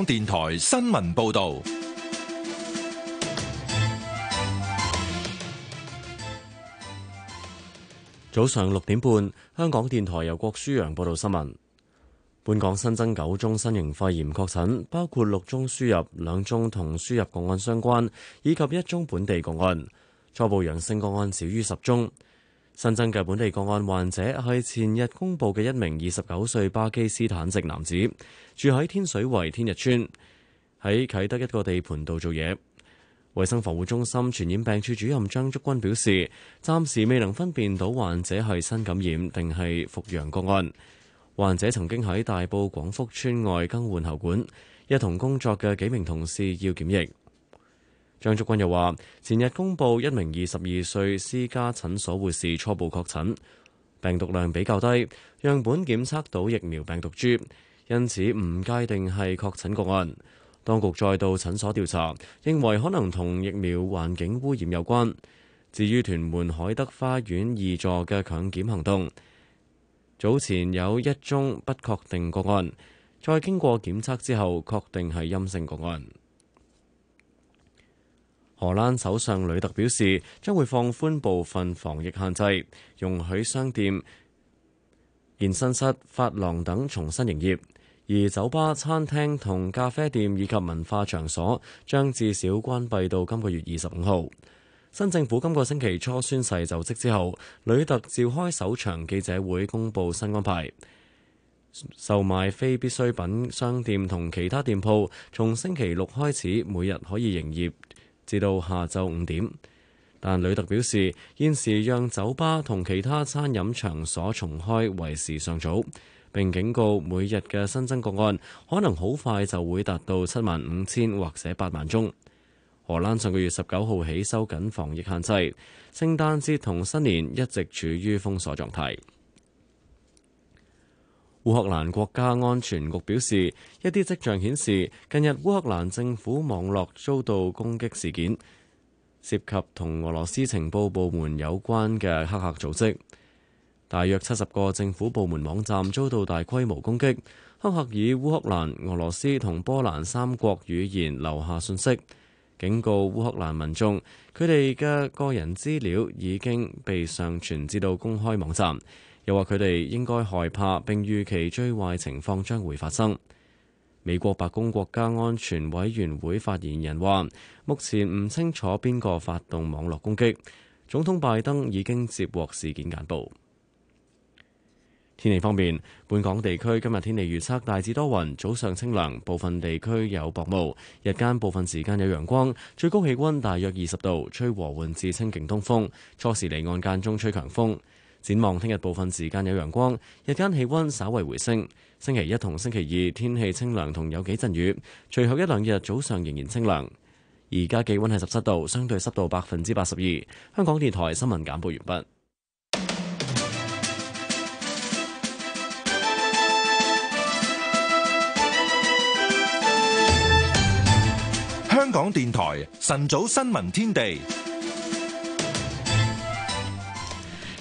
香港電台新聞報道：早上六點半，香港電台由郭舒揚報道新聞。本港新增九宗新型肺炎確診，包括六宗輸入、兩宗同輸入個案相關，以及一宗本地個案。初步陽性個案少於十宗。新增嘅本地個案患者係前日公布嘅一名二十九歲巴基斯坦籍男子，住喺天水圍天逸邨，喺啟德一個地盤度做嘢。衛生防護中心傳染病處主任張竹君表示，暫時未能分辨到患者係新感染定係復陽個案。患者曾經喺大埔廣福邨外更換喉管，一同工作嘅幾名同事要檢疫。張竹君又話：前日公布一名二十二歲私家診所護士初步確診，病毒量比較低，樣本檢測到疫苗病毒株，因此唔界定係確診個案。當局再到診所調查，認為可能同疫苗環境污染有關。至於屯門海德花園二座嘅強檢行動，早前有一宗不確定個案，再經過檢測之後確定係陰性個案。荷蘭首相呂特表示，將會放寬部分防疫限制，容許商店、健身室、髮廊等重新營業，而酒吧、餐廳同咖啡店以及文化場所將至少關閉到今個月二十五號。新政府今個星期初宣誓就職之後，呂特召開首場記者會，公布新安排。售賣非必需品商店同其他店鋪從星期六開始，每日可以營業。至到下晝五點，但呂特表示現時讓酒吧同其他餐飲場所重開為時尚早，並警告每日嘅新增個案可能好快就會達到七萬五千或者八萬宗。荷蘭上個月十九號起收緊防疫限制，聖誕節同新年一直處於封鎖狀態。烏克蘭國家安全局表示，一啲跡象顯示，近日烏克蘭政府網絡遭到攻擊事件，涉及同俄羅斯情報部門有關嘅黑客組織。大約七十個政府部門網站遭到大規模攻擊，黑客以烏克蘭、俄羅斯同波蘭三國語言留下信息，警告烏克蘭民眾，佢哋嘅個人資料已經被上傳至到公開網站。又話佢哋應該害怕，並預期最壞情況將會發生。美國白宮國家安全委員會發言人話：目前唔清楚邊個發動網絡攻擊。總統拜登已經接獲事件簡報。天氣方面，本港地區今日天氣預測大致多雲，早上清涼，部分地區有薄霧，日間部分時間有陽光，最高氣温大約二十度，吹和緩至清勁東風，初時離岸間中吹強風。展望聽日部分時間有陽光，日間氣温稍為回升。星期一同星期二天氣清涼同有幾陣雨，隨後一兩日早上仍然清涼。而家氣温係十七度，相對濕度百分之八十二。香港電台新聞簡報完畢。香港電台晨早新聞天地。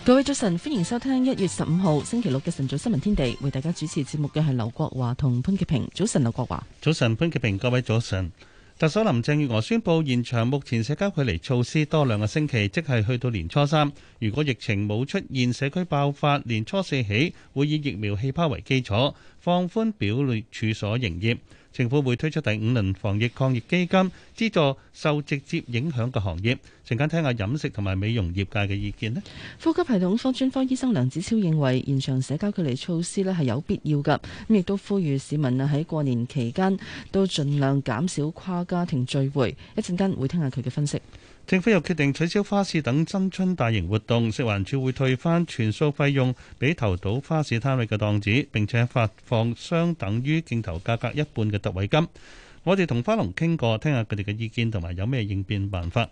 各位早晨，歡迎收聽一月十五號星期六嘅晨早新聞天地。為大家主持節目嘅係劉國華同潘潔平。早晨，劉國華。早晨，潘潔平。各位早晨。特首林鄭月娥宣布延長目前社交距離措施多兩個星期，即係去到年初三。如果疫情冇出現社區爆發，年初四起會以疫苗氣泡為基礎放寬表列處所營業。政府會推出第五輪防疫抗疫基金，資助受直接影響嘅行業。陣間聽下飲食同埋美容業界嘅意見咧。呼吸系統科專科醫生梁子超認為，延長社交距離措施咧係有必要㗎。咁亦都呼籲市民啊喺過年期間都盡量減少跨家庭聚會。一陣間會聽下佢嘅分析。政府又決定取消花市等新春大型活動，食環署會退返全數費用俾投到花市攤位嘅檔子，並且發放相等於競投價格一半嘅特惠金。我哋同花農傾過，聽下佢哋嘅意見同埋有咩應變辦法。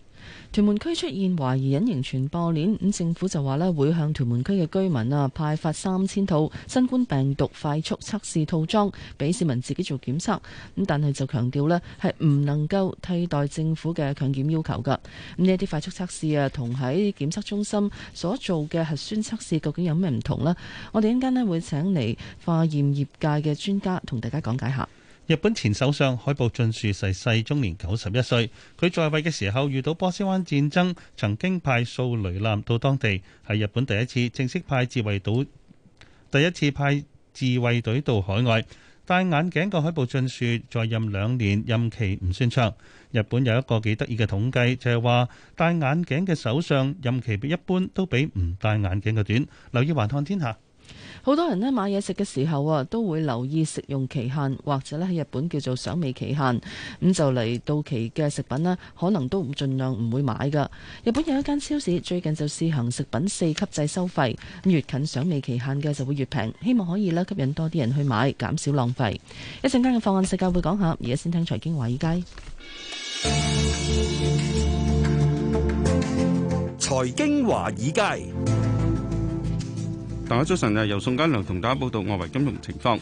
屯門區出現懷疑隱形傳播鏈，咁政府就話呢會向屯門區嘅居民啊派發三千套新冠病毒快速測試套裝，俾市民自己做檢測。咁但係就強調呢係唔能夠替代政府嘅強檢要求噶咁呢啲快速測試啊，同喺檢測中心所做嘅核酸測試究竟有咩唔同呢？我哋一陣間呢會請嚟化驗業界嘅專家同大家講解下。日本前首相海部俊樹逝世，終年九十一歲。佢在位嘅時候遇到波斯灣戰爭，曾經派掃雷艦到當地，係日本第一次正式派自衛隊第一次派自衛隊到海外。戴眼鏡個海部俊樹在任兩年，任期唔算長。日本有一個幾得意嘅統計，就係、是、話戴眼鏡嘅首相任期一般都比唔戴眼鏡嘅短。留意環看天下。好多人咧買嘢食嘅時候啊，都會留意食用期限，或者咧喺日本叫做賞味期限，咁就嚟到期嘅食品咧，可能都盡量唔會買噶。日本有一間超市最近就試行食品四級制收費，越近賞味期限嘅就會越平，希望可以咧吸引多啲人去買，減少浪費。一陣間嘅《放案，世界放眼世界》會講下，而家先聽財經華爾街。財經華爾街。大家早晨啊！由宋家良同大家報道外圍金融情況。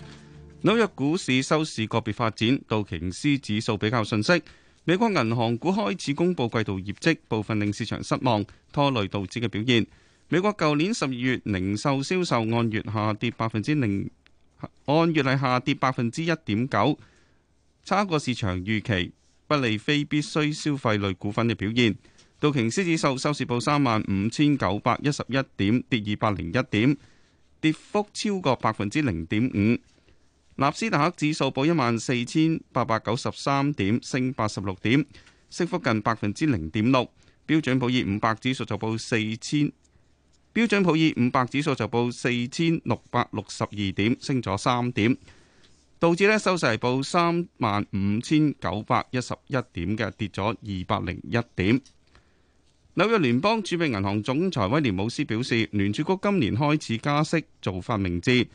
紐約股市收市個別發展，道瓊斯指數比較遜色，美國銀行股開始公佈季度業績，部分令市場失望，拖累道指嘅表現。美國舊年十二月零售銷售，售按月下跌百分之零，按月係下跌百分之一點九，差過市場預期。不利非必需消費類股份嘅表現，道瓊斯指數收市報三萬五千九百一十一點，跌二百零一點。跌幅超過百分之零點五，納斯達克指數報一萬四千八百九十三點，升八十六點，升幅近百分之零點六。標準普爾五百指數就報四千，標準普爾五百指數就報四千六百六十二點，升咗三點，道指咧收市報三萬五千九百一十一點嘅跌咗二百零一點。紐約聯邦儲備銀行總裁威廉姆斯表示，聯儲局今年開始加息做法明智，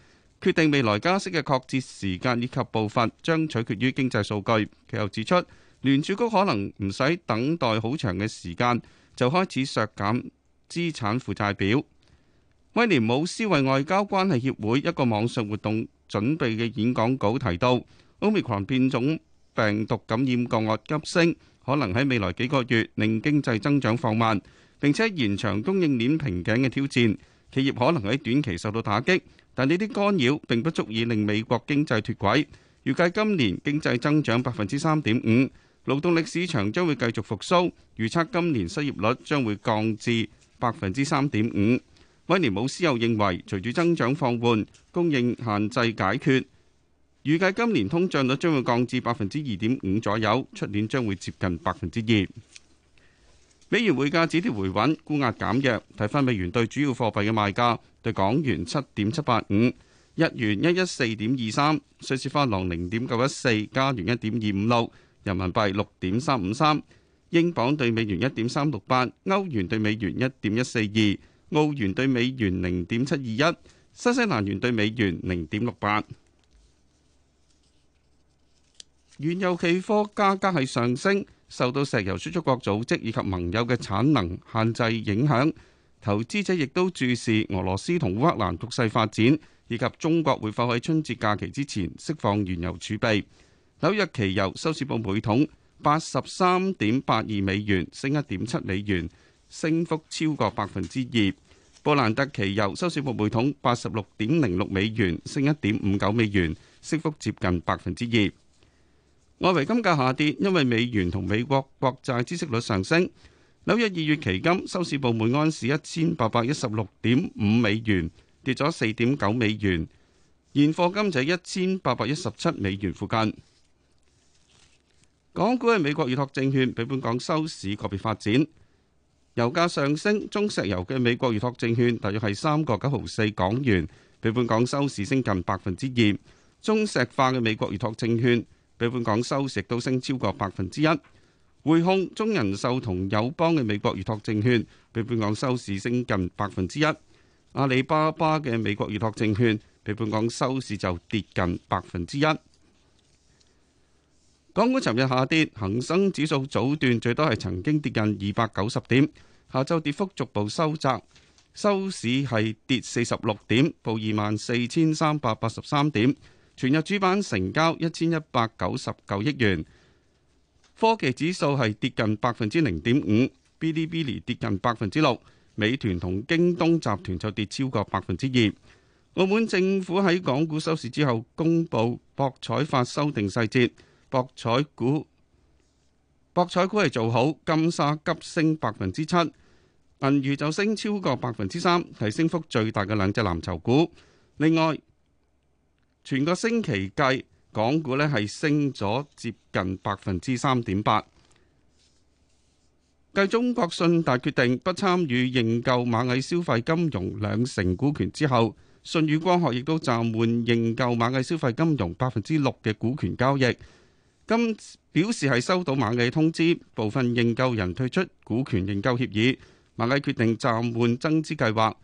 決定未來加息嘅確切時間以及步伐將取決於經濟數據。佢又指出，聯儲局可能唔使等待好長嘅時間就開始削減資產負債表。威廉姆斯為外交關係協會一個網上活動準備嘅演講稿提到，奧密克戎變種病毒感染個案急升。可能喺未來幾個月令經濟增長放慢，並且延長供應鏈瓶頸嘅挑戰，企業可能喺短期受到打擊。但呢啲干擾並不足以令美國經濟脱軌。預計今年經濟增長百分之三點五，勞動力市場將會繼續復甦，預測今年失業率將會降至百分之三點五。威廉姆斯又認為，隨住增長放緩，供應限制解決。預計今年通脹率將會降至百分之二點五左右，出年將會接近百分之二。美元匯價止跌回穩，沽壓減弱。睇翻美元對主要貨幣嘅賣價，對港元七點七八五，日元一一四點二三，瑞士法郎零點九一四，加元一點二五六，人民幣六點三五三，英鎊對美元一點三六八，歐元對美元一點一四二，澳元對美元零點七二一，新西蘭元對美元零點六八。原油期貨價格係上升，受到石油輸出國組織以及盟友嘅產能限制影響。投資者亦都注視俄羅斯同烏克蘭局勢發展，以及中國會否喺春節假期之前釋放原油儲備。紐約期油收市報每桶八十三點八二美元，升一點七美元，升幅超過百分之二。布蘭特期油收市報每桶八十六點零六美元，升一點五九美元，升幅接近百分之二。外圍金價下跌，因為美元同美國國債孳息率上升。紐約二月期金收市報每安士一千八百一十六點五美元，跌咗四點九美元。現貨金就一千八百一十七美元附近。港股係美國預託證券俾本港收市個別發展。油價上升，中石油嘅美國預託證券大約係三個九毫四港元，比本港收市升近百分之二。中石化嘅美國預託證券。比本港收市都升超過百分之一，匯控、中人壽同友邦嘅美國預託證券比本港收市升近百分之一，阿里巴巴嘅美國預託證券比本港收市就跌近百分之一。港股尋日下跌，恒生指數早段最多係曾經跌近二百九十點，下晝跌幅逐步收窄，收市係跌四十六點，報二萬四千三百八十三點。全日主板成交一千一百九十九億元，科技指數係跌近百分之零點五，Bilibili 跌近百分之六，美團同京東集團就跌超過百分之二。澳門政府喺港股收市之後公佈博彩法修訂細節，博彩股博彩股係做好，金沙急升百分之七，銀娛就升超過百分之三，係升幅最大嘅兩隻藍籌股。另外，全個星期計，港股呢係升咗接近百分之三點八。繼中國信達決定不參與認購螞蟻消費金融兩成股權之後，信宇光學亦都暫緩認購螞蟻消費金融百分之六嘅股權交易。今表示係收到螞蟻通知，部分認購人退出股權認購協議，螞蟻決定暫緩增資計劃。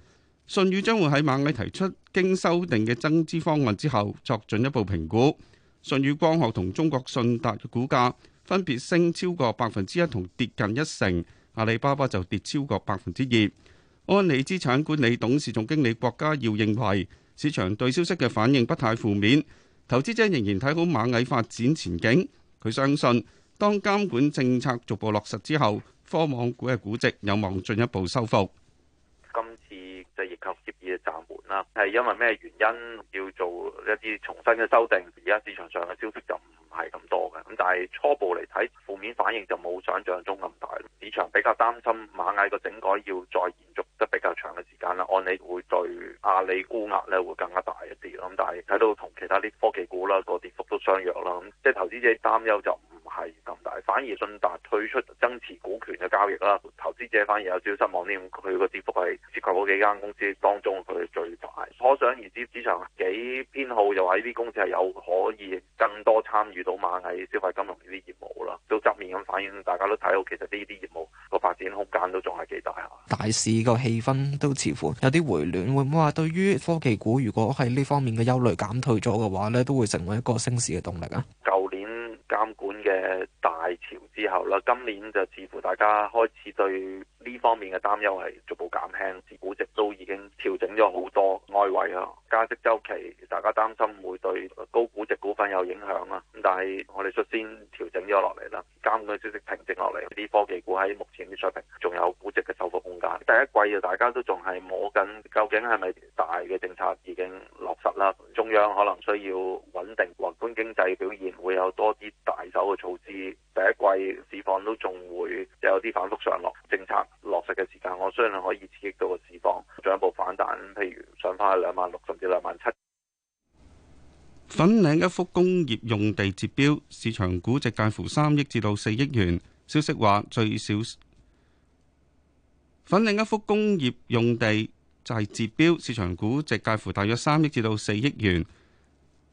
信宇將會喺螞蟻提出經修訂嘅增資方案之後，作進一步評估。信宇光學同中國信達嘅股價分別升超過百分之一同跌近一成，阿里巴巴就跌超過百分之二。安理資產管理董事總經理郭家耀認為，市場對消息嘅反應不太負面，投資者仍然睇好螞蟻發展前景。佢相信，當監管政策逐步落實之後，科網股嘅估值有望進一步收復。就亦靠接二嘅暫緩啦，係因為咩原因要做一啲重新嘅修訂，而家市場上嘅消息就唔係咁多嘅，咁但係初步嚟睇，負面反應就冇想象中咁大。市場比較擔心螞蟻個整改要再延續得比較長嘅時間啦。按理會對阿里估額咧會更加大一啲，咁但係睇到同其他啲科技股啦個跌幅都相若啦。咁、嗯、即係投資者擔憂就唔係咁大，反而信達推出增持股權嘅交易啦，投資者反而有少少失望啲。佢個跌幅係涉及嗰幾間公司當中佢最大。可想而知，市場幾偏好又話呢啲公司係有可以更多參與。到螞蟻消費金融呢啲業務啦，都側面咁反映，大家都睇到其實呢啲業務個發展空間都仲係幾大啊。大市個氣氛都似乎有啲回暖，會唔會話對於科技股，如果喺呢方面嘅憂慮減退咗嘅話咧，都會成為一個升市嘅動力啊？舊年監管嘅大潮之後啦，今年就似乎大家開始對。呢方面嘅擔憂係逐步減輕，啲估值都已經調整咗好多，外圍啊加息周期，大家擔心會對高估值股份有影響啊。但係我哋率先調整咗落嚟啦，監管消息平靜落嚟，啲科技股喺目前啲水平仲有估值嘅收復空間。第一季啊，大家都仲係摸緊，究竟係咪大嘅政策已經落實啦？中央可能需要穩定宏觀經濟表現，會有多啲大手嘅措施。第一季市況都仲會有啲反覆上落，政策落實嘅時間，我相信可以刺激到個市況，進一步反彈。譬如上返去兩萬六甚至兩萬七。粉嶺一幅工業用地截標，市場估值介乎三億至到四億元。消息話最少粉嶺一幅工業用地就係截標，市場估值介乎大約三億至到四億元。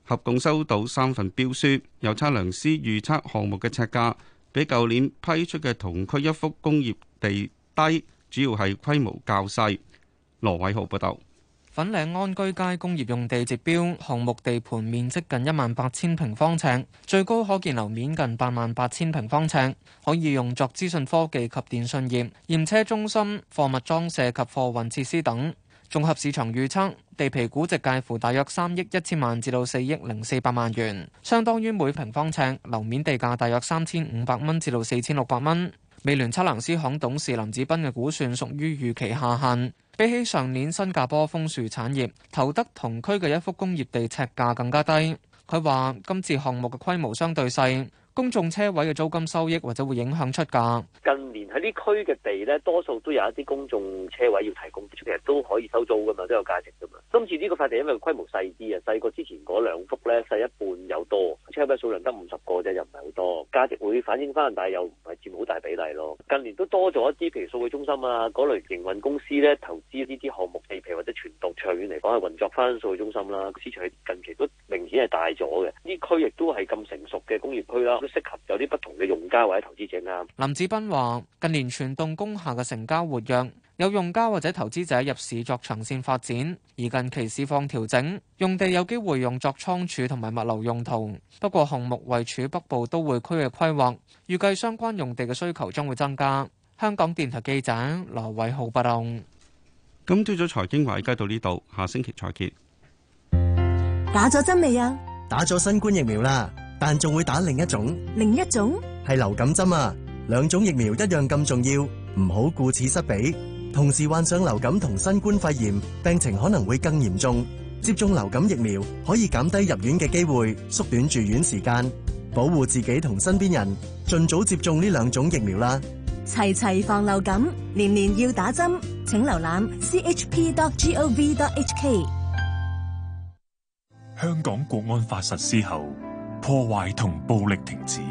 合共收到三份標書，有測量師預測項目嘅尺價，比舊年批出嘅同區一幅工業地低，主要係規模較細。羅偉豪報導，粉嶺安居街工業用地截標，項目地盤面積近一萬八千平方呎，最高可建樓面近八萬八千平方呎，可以用作資訊科技及電訊業、驗車中心、貨物裝卸及貨運設施等。綜合市場預測，地皮估值介乎大約三億一千萬至到四億零四百萬元，相當於每平方呎樓面地價大約三千五百蚊至到四千六百蚊。美聯測量師行董事林子斌嘅估算屬於預期下限，比起上年新加坡豐樹產業，投得同區嘅一幅工業地尺價更加低。佢話今次項目嘅規模相對細。公眾車位嘅租金收益或者會影響出價。近年喺呢區嘅地咧，多數都有一啲公眾車位要提供，其實都可以收租噶嘛，都有價值噶嘛。今次呢個塊地因為規模細啲啊，細過之前嗰兩幅咧，細一半有多，車位數量得五十個啫，又唔係好多，價值會反映翻，但又唔係佔好大比例咯。近年都多咗一啲，譬如數據中心啊，嗰類營運公司咧，投資呢啲項目地皮或者存檔，長遠嚟講係運作翻數據中心啦、啊，市場近期都明顯係大咗嘅。呢區亦都係咁成熟嘅工業區啦。都適合有啲不同嘅用家或者投資者啦。林子斌話，近年全幢工廈嘅成交活躍，有用家或者投資者入市作長線發展。而近期市況調整，用地有機會用作倉儲同埋物流用途。不過項目位處北部都會區嘅規劃，預計相關用地嘅需求將會增加。香港電台記者羅偉浩不錄。咁、嗯，朝早財經話題到呢度，下星期再見。打咗針未啊？打咗新冠疫苗啦。但仲會打另一種，另一種係流感針啊。兩種疫苗一樣咁重要，唔好顧此失彼。同時患上流感同新冠肺炎，病情可能會更嚴重。接種流感疫苗可以減低入院嘅機會，縮短住院時間，保護自己同身邊人。盡早接種呢兩種疫苗啦。齊齊防流感，年年要打針。請瀏覽 chp.gov.hk。香港國安法實施後。破壞同暴力停止，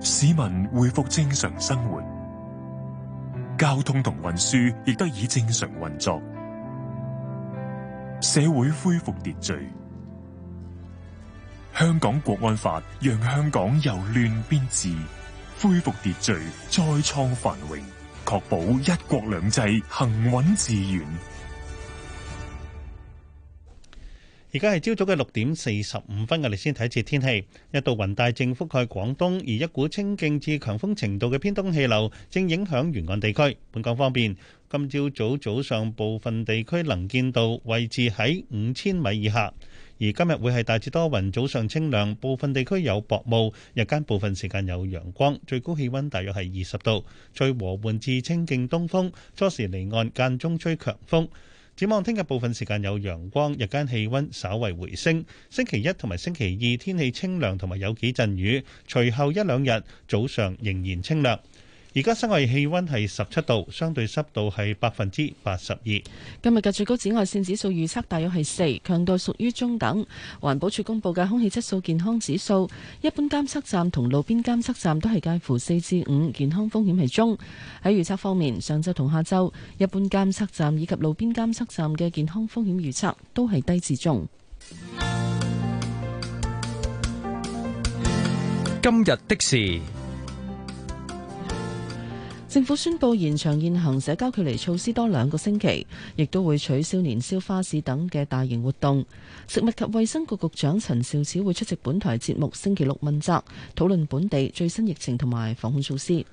市民回復正常生活，交通同運輸亦得以正常運作，社會恢復秩序。香港國安法讓香港由亂變治，恢復秩序，再創繁榮，確保一國兩制行穩致遠。而家係朝早嘅六點四十五分嘅，我哋先睇一次天氣。一道雲帶正覆蓋廣東，而一股清勁至強風程度嘅偏東氣流正影響沿岸地區。本港方面，今朝早早上部分地區能見度位置喺五千米以下，而今日會係大致多雲，早上清涼，部分地區有薄霧，日間部分時間有陽光，最高氣温大約係二十度，吹和緩至清勁東風，初時離岸間中吹強風。展望聽日部分時間有陽光，日間氣温稍為回升。星期一同埋星期二天氣清涼同埋有幾陣雨，隨後一兩日早上仍然清涼。而家室外氣溫係十七度，相對濕度係百分之八十二。今日嘅最高紫外線指數預測大約係四，強度屬於中等。環保署公布嘅空氣質素健康指數，一般監測站同路邊監測站都係介乎四至五，健康風險係中。喺預測方面，上晝同下晝一般監測站以及路邊監測站嘅健康風險預測都係低至中。今日的時。政府宣布延長現行社交距離措施多兩個星期，亦都會取消年宵花市等嘅大型活動。食物及衛生局局長陳肇始會出席本台節目星期六問責，討論本地最新疫情同埋防控措施。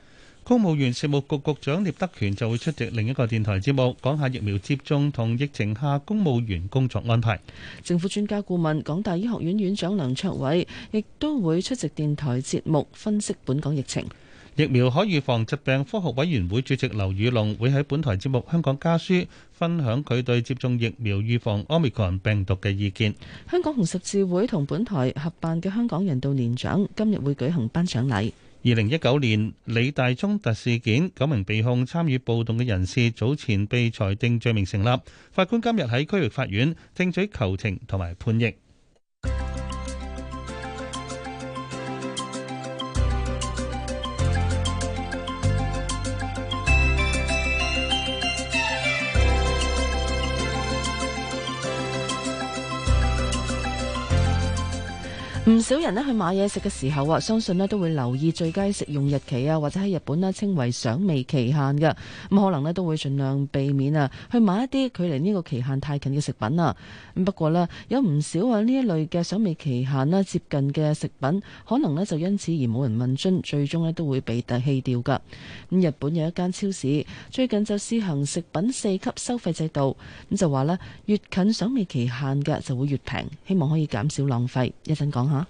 公務員事務局局長聶德權就會出席另一個電台節目，講下疫苗接種同疫情下公務員工作安排。政府專家顧問、港大醫學院院長梁卓偉亦都會出席電台節目，分析本港疫情。疫苗可預防疾病科學委員會主席劉宇龍會喺本台節目《香港家書》分享佢對接種疫苗預防 Omicron 病毒嘅意見。香港紅十字會同本台合辦嘅香港人道年獎今日會舉行頒獎禮。二零一九年理大衝突事件，九名被控參與暴動嘅人士早前被裁定罪名成立，法官今日喺區域法院聽取求情同埋判刑。唔少人呢去買嘢食嘅時候啊，相信呢都會留意最佳食用日期啊，或者喺日本呢稱為賞味期限㗎，咁可能呢都會盡量避免啊去買一啲距離呢個期限太近嘅食品啊。咁不過呢，有唔少啊呢一類嘅賞味期限呢接近嘅食品，可能呢就因此而冇人問津，最終呢都會被丟棄掉噶。咁日本有一間超市最近就施行食品四級收費制度，咁就話呢，越近賞味期限嘅就會越平，希望可以減少浪費。講一陣講下。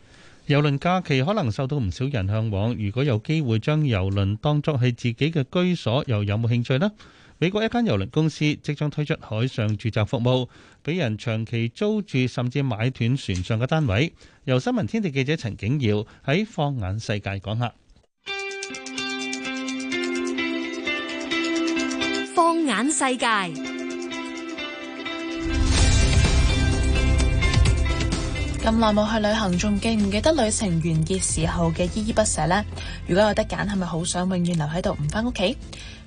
遊輪假期可能受到唔少人嚮往，如果有機會將遊輪當作係自己嘅居所，又有冇興趣呢？美國一間遊輪公司即將推出海上住宅服務，俾人長期租住甚至買斷船上嘅單位。由新聞天地記者陳景耀喺放眼世界講下。放眼世界。咁耐冇去旅行，仲記唔記得旅程完結時候嘅依依不捨呢？如果有得揀，係咪好想永遠留喺度，唔返屋企？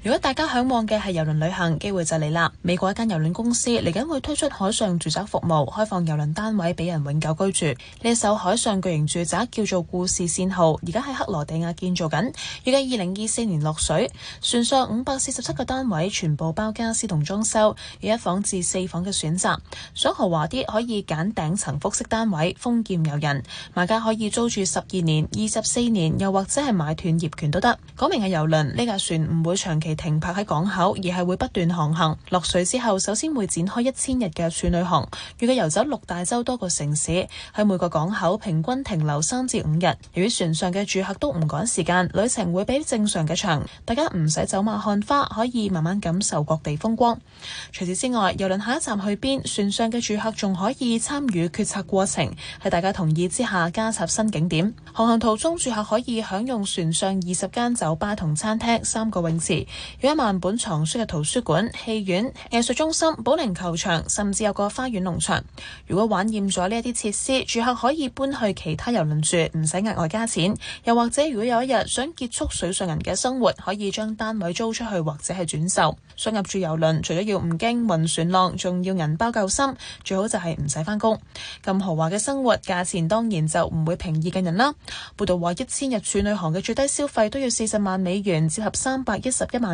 如果大家嚮往嘅係郵輪旅行，機會就嚟啦！美國一間郵輪公司嚟緊會推出海上住宅服務，開放郵輪單位俾人永久居住。呢艘海上巨型住宅叫做故事綫號，而家喺克羅地亞建造緊，預計二零二四年落水。船上五百四十七個單位，全部包家私同裝修，有一房至四房嘅選擇。想豪華啲可以揀頂層複式單位，封建游人，買家可以租住十二年，二十四年，又或者係買斷業權都得。講明係郵輪，呢架船唔會長期停泊喺港口，而係會不斷航行。落水之後，首先會展開一千日嘅處女航，預計遊走六大洲多個城市，喺每個港口平均停留三至五日。由於船上嘅住客都唔趕時間，旅程會比正常嘅長，大家唔使走馬看花，可以慢慢感受各地風光。除此之外，郵輪下一站去邊？船上嘅住客仲可以參與決策過程，喺大家同意之下加插新景點。航行途中，住客可以享用船上二十間酒吧同餐廳、三個泳池。有一萬本藏書嘅圖書館、戲院、藝術中心、保齡球場，甚至有個花園農場。如果玩厭咗呢一啲設施，住客可以搬去其他遊輪住，唔使額外加錢。又或者如果有一日想結束水上人嘅生活，可以將單位租出去或者係轉售。想入住遊輪，除咗要唔驚暈船浪，仲要銀包夠深，最好就係唔使返工。咁豪華嘅生活，價錢當然就唔會平易近人啦。報道話一千日處女行嘅最低消費都要四十萬美元，折合三百一十一萬。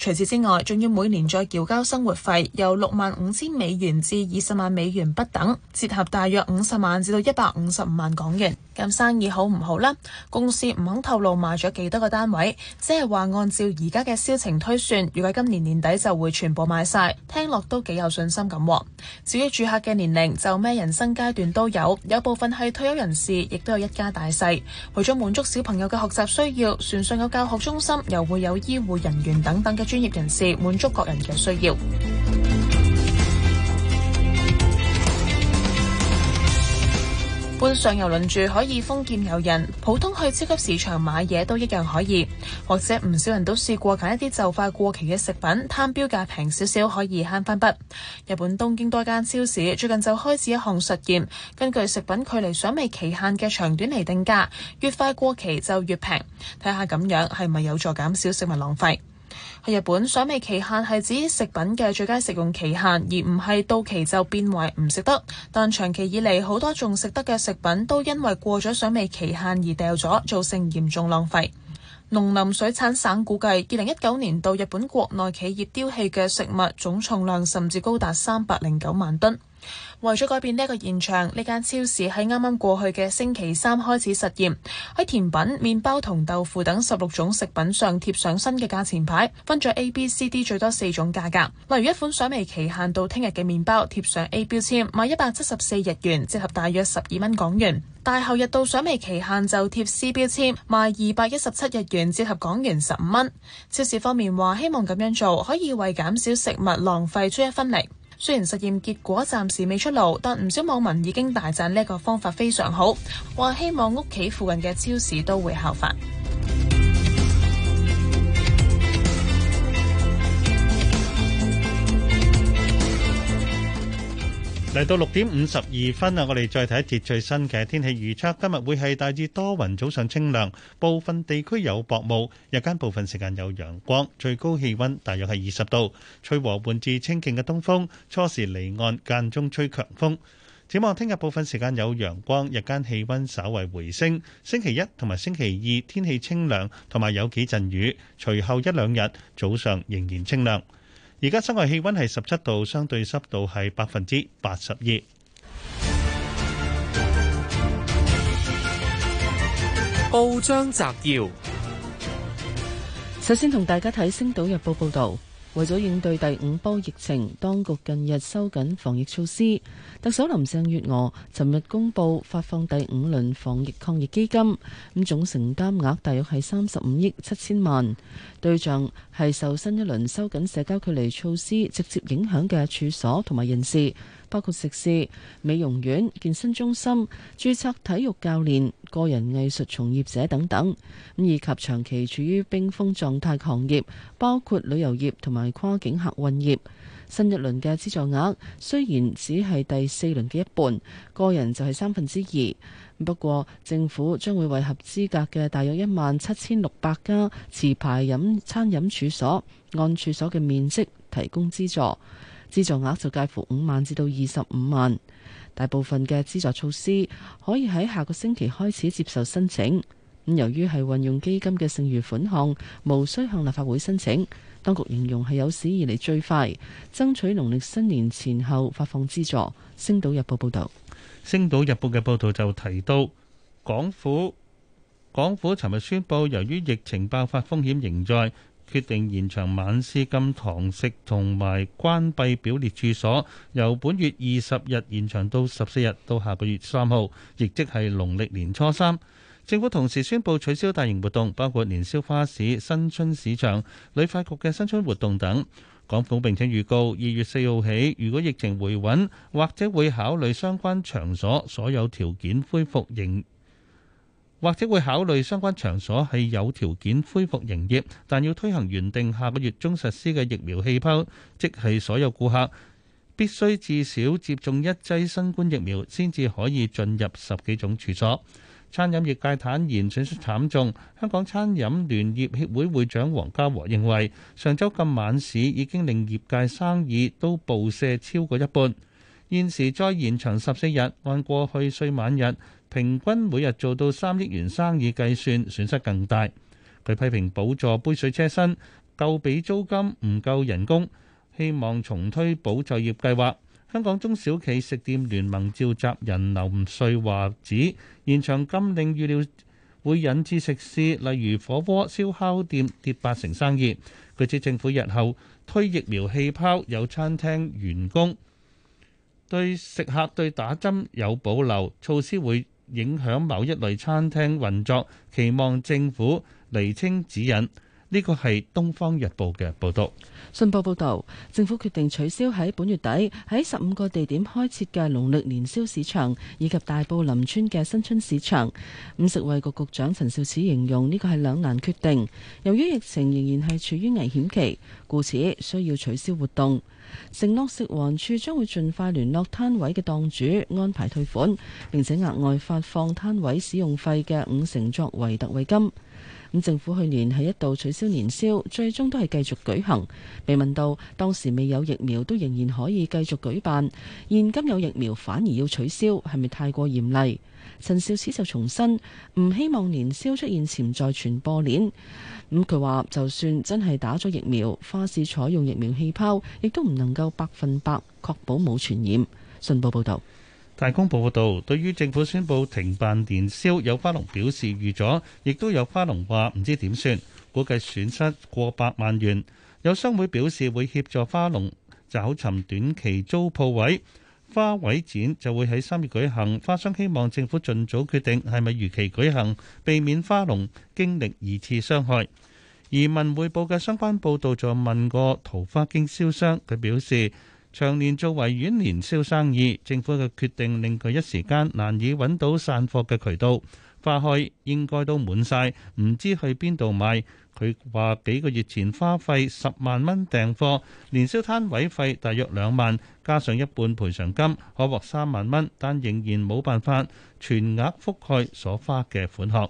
除此之外，仲要每年再繳交生活費，由六萬五千美元至二十萬美元不等，折合大約五十萬至到一百五十五萬港元。咁生意好唔好咧？公司唔肯透露賣咗幾多個單位，即係話按照而家嘅銷情推算，如果今年年底就會全部賣晒，聽落都幾有信心咁。至於住客嘅年齡，就咩人生階段都有，有部分係退休人士，亦都有一家大細，為咗滿足小朋友嘅學習需要，船上有教學中心，又會有醫護人員等等嘅。專業人士滿足各人嘅需要。 半上游輪住可以封建遊人。普通去超級市場買嘢都一樣可以，或者唔少人都試過揀一啲就快過期嘅食品，貪標價平少少，可以慳翻筆。日本東京多間超市最近就開始一項實驗，根據食品距離賞味期限嘅長短嚟定價，越快過期就越平。睇下咁樣係咪有助減少食物浪費。喺日本，賞味期限係指食品嘅最佳食用期限，而唔係到期就變壞唔食得。但長期以嚟，好多仲食得嘅食品都因為過咗賞味期限而掉咗，造成嚴重浪費。農林水產省估計，二零一九年到日本國內企業丟棄嘅食物總重量甚至高達三百零九萬噸。為咗改變呢個現場，呢間超市喺啱啱過去嘅星期三開始實驗，喺甜品、麵包同豆腐等十六種食品上貼上新嘅價錢牌，分咗 A、B、C、D 最多四種價格。例如一款賞味期限到聽日嘅麵包貼上 A 標籤，賣一百七十四日元，折合大約十二蚊港元；大後日到賞味期限就貼 C 標籤，賣二百一十七日元，折合港元十五蚊。超市方面話，希望咁樣做可以為減少食物浪費出一分力。雖然實驗結果暫時未出爐，但唔少網民已經大讚呢個方法非常好，話希望屋企附近嘅超市都會效法。嚟到六點五十二分啊！我哋再睇一節最新嘅天氣預測。今日會係大致多雲，早上清涼，部分地區有薄霧，日間部分時間有陽光，最高氣溫大約係二十度，吹和緩至清勁嘅東風，初時離岸間中吹強風。展望聽日部分時間有陽光，日間氣溫稍為回升。星期一同埋星期二天氣清涼，同埋有，有幾陣雨，隨後一兩日早上仍然清涼。而家室外氣温係十七度，相對濕度係百分之八十二。報章摘要，首先同大家睇《星島日報》報道。為咗應對第五波疫情，當局近日收緊防疫措施。特首林鄭月娥尋日公布發放第五輪防疫抗疫基金，咁總承擔額大約係三十五億七千萬，對象係受新一輪收緊社交距離措施直接影響嘅處所同埋人士。包括食肆、美容院、健身中心、註冊體育教練、個人藝術從業者等等，咁以及長期處於冰封狀態行業，包括旅遊業同埋跨境客運業。新一輪嘅資助額雖然只係第四輪嘅一半，個人就係三分之二。不過政府將會為合資格嘅大約一萬七千六百家持牌飲餐飲處所，按處所嘅面積提供資助。資助額就介乎五萬至到二十五萬，大部分嘅資助措施可以喺下個星期開始接受申請。咁由於係運用基金嘅剩餘款項，無需向立法會申請。當局形容係有史以嚟最快爭取農曆新年前後發放資助。星島日報報道，星島日報嘅報道就提到，港府港府尋日宣布，由於疫情爆發風險仍在。決定延長晚市禁堂食同埋關閉表列處所，由本月二十日延長到十四日，到下個月三號，亦即係農曆年初三。政府同時宣布取消大型活動，包括年宵花市、新春市場、旅發局嘅新春活動等。港府並且預告，二月四號起，如果疫情回穩，或者會考慮相關場所所有條件恢復營，或者會考慮相關場所係有條件恢復營業，但要推行原定下個月中實施嘅疫苗氣泡，即係所有顧客必須至少接種一劑新冠疫苗先至可以進入十幾種處所。餐飲業界坦言損失慘重，香港餐飲聯業協會會長黃家和認為，上週禁晚市已經令業界生意都暴瀉超過一半。現時再延長十四日，按過去歲晚日平均每日做到三億元生意計算，損失更大。佢批評補助杯水車薪，夠俾租金唔夠人工，希望重推保就業計劃。香港中小企食店聯盟召集人林瑞華指，延長禁令預料會引致食肆例如火鍋、燒烤，烤店跌八成生意。佢指政府日後推疫苗氣泡，有餐廳員工。對食客對打針有保留，措施會影響某一類餐廳運作，期望政府釐清指引。呢個係《東方日報》嘅報道。信報報導，政府決定取消喺本月底喺十五個地點開設嘅農曆年宵市場，以及大埔林村嘅新春市場。五食衞局局長陳肇始形容呢個係兩難決定，由於疫情仍然係處於危險期，故此需要取消活動。承諾食環署將會盡快聯絡攤位嘅檔主安排退款，並且額外發放攤位使用費嘅五成作為特惠金。咁政府去年喺一度取消年宵，最終都係繼續舉行。被問到當時未有疫苗都仍然可以繼續舉辦，現今有疫苗反而要取消，係咪太過嚴厲？陳肇始就重申，唔希望年宵出現潛在傳播鏈。咁佢話，就算真係打咗疫苗，花市採用疫苗氣泡，亦都唔能夠百分百確保冇傳染。信報報導，大公報報導，對於政府宣布停辦年宵，有花農表示預咗，亦都有花農話唔知點算，估計損失過百萬元。有商會表示會協助花農找尋短期租鋪位。花卉展就會喺三月舉行，花商希望政府盡早決定係咪如期舉行，避免花農經歷二次傷害。而文匯報嘅相關報道就問過桃花經銷商，佢表示長年作為園年宵生意，政府嘅決定令佢一時間難以揾到散貨嘅渠道，花開應該都滿晒，唔知去邊度買。佢話幾個月前花費十萬蚊訂貨，年宵攤位費大約兩萬，加上一半賠償金，可獲三萬蚊，但仍然冇辦法全額覆蓋所花嘅款項。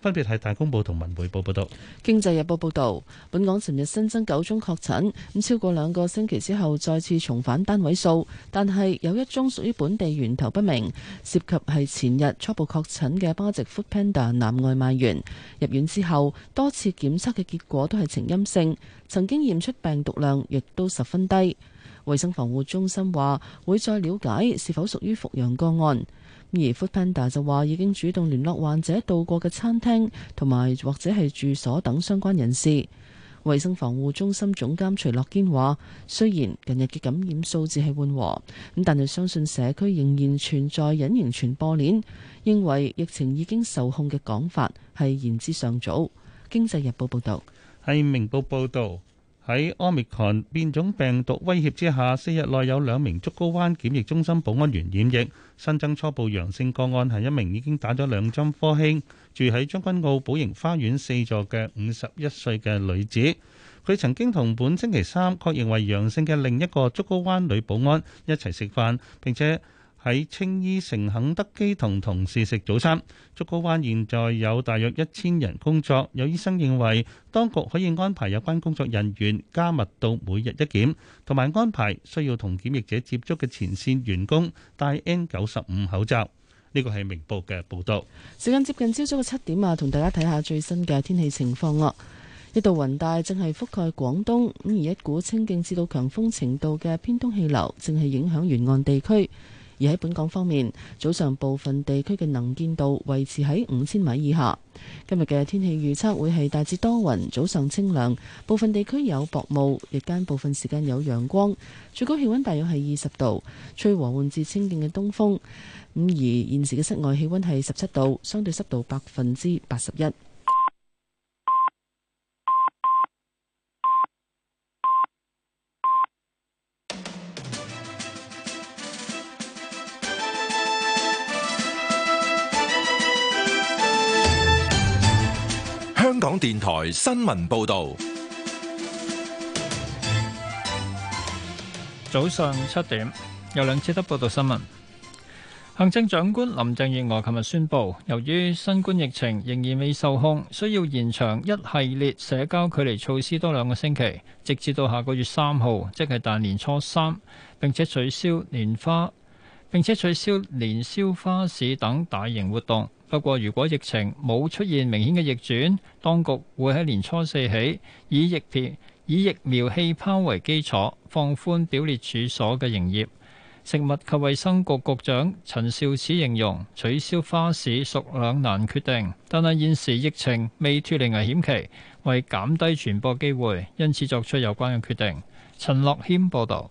分別係《大公報》同《文匯報》報道，《經濟日報》報導，本港尋日新增九宗確診，咁超過兩個星期之後再次重返單位數，但係有一宗屬於本地源頭不明，涉及係前日初步確診嘅巴籍 Foodpanda 男外賣員，入院之後多次檢測嘅結果都係呈陰性，曾經驗出病毒量亦都十分低。衛生防護中心話會再了解是否屬於復陽個案。而 Foodpanda 就話已經主動聯絡患者到過嘅餐廳同埋或者係住所等相關人士。衛生防護中心總監徐樂堅話，雖然近日嘅感染數字係緩和，咁但係相信社區仍然存在隱形傳播鏈，認為疫情已經受控嘅講法係言之尚早。經濟日報報道，係明報報道。喺奧密克戎變種病毒威脅之下，四日內有兩名竹篙灣檢疫中心保安員染疫，新增初步陽性個案係一名已經打咗兩針科興，住喺將軍澳寶盈花園四座嘅五十一歲嘅女子。佢曾經同本星期三確認為陽性嘅另一個竹篙灣女保安一齊食飯，並且，喺青衣城肯德基同同事食早餐。竹篙灣現在有大約一千人工作。有醫生認為，當局可以安排有關工作人員加密到每日一檢，同埋安排需要同檢疫者接觸嘅前線員工戴 N 九十五口罩。呢個係明報嘅報道。時間接近朝早嘅七點啊，同大家睇下最新嘅天氣情況啦。一道雲帶正係覆蓋廣東咁，而一股清勁至到強風程度嘅偏東氣流正係影響沿岸地區。而喺本港方面，早上部分地區嘅能見度維持喺五千米以下。今日嘅天氣預測會係大致多雲，早上清涼，部分地區有薄霧，日間部分時間有陽光。最高氣溫大約係二十度，吹和緩至清勁嘅東風，咁而，而現時嘅室外氣溫係十七度，相對濕度百分之八十一。香港電台新聞報道，早上七點有兩次得報道新聞。行政長官林鄭月娥琴日宣布，由於新冠疫情仍然未受控，需要延長一系列社交距離措施多兩個星期，直至到下個月三號，即係大年初三，並且取消年花，並且取消年宵花市等大型活動。不過，如果疫情冇出現明顯嘅逆轉，當局會喺年初四起以疫片以疫苗氣泡為基礎放寬表列處所嘅營業。食物及衛生局局長陳肇始形容取消花市屬兩難決定，但係現時疫情未脱離危險期，為減低傳播機會，因此作出有關嘅決定。陳樂謙報導，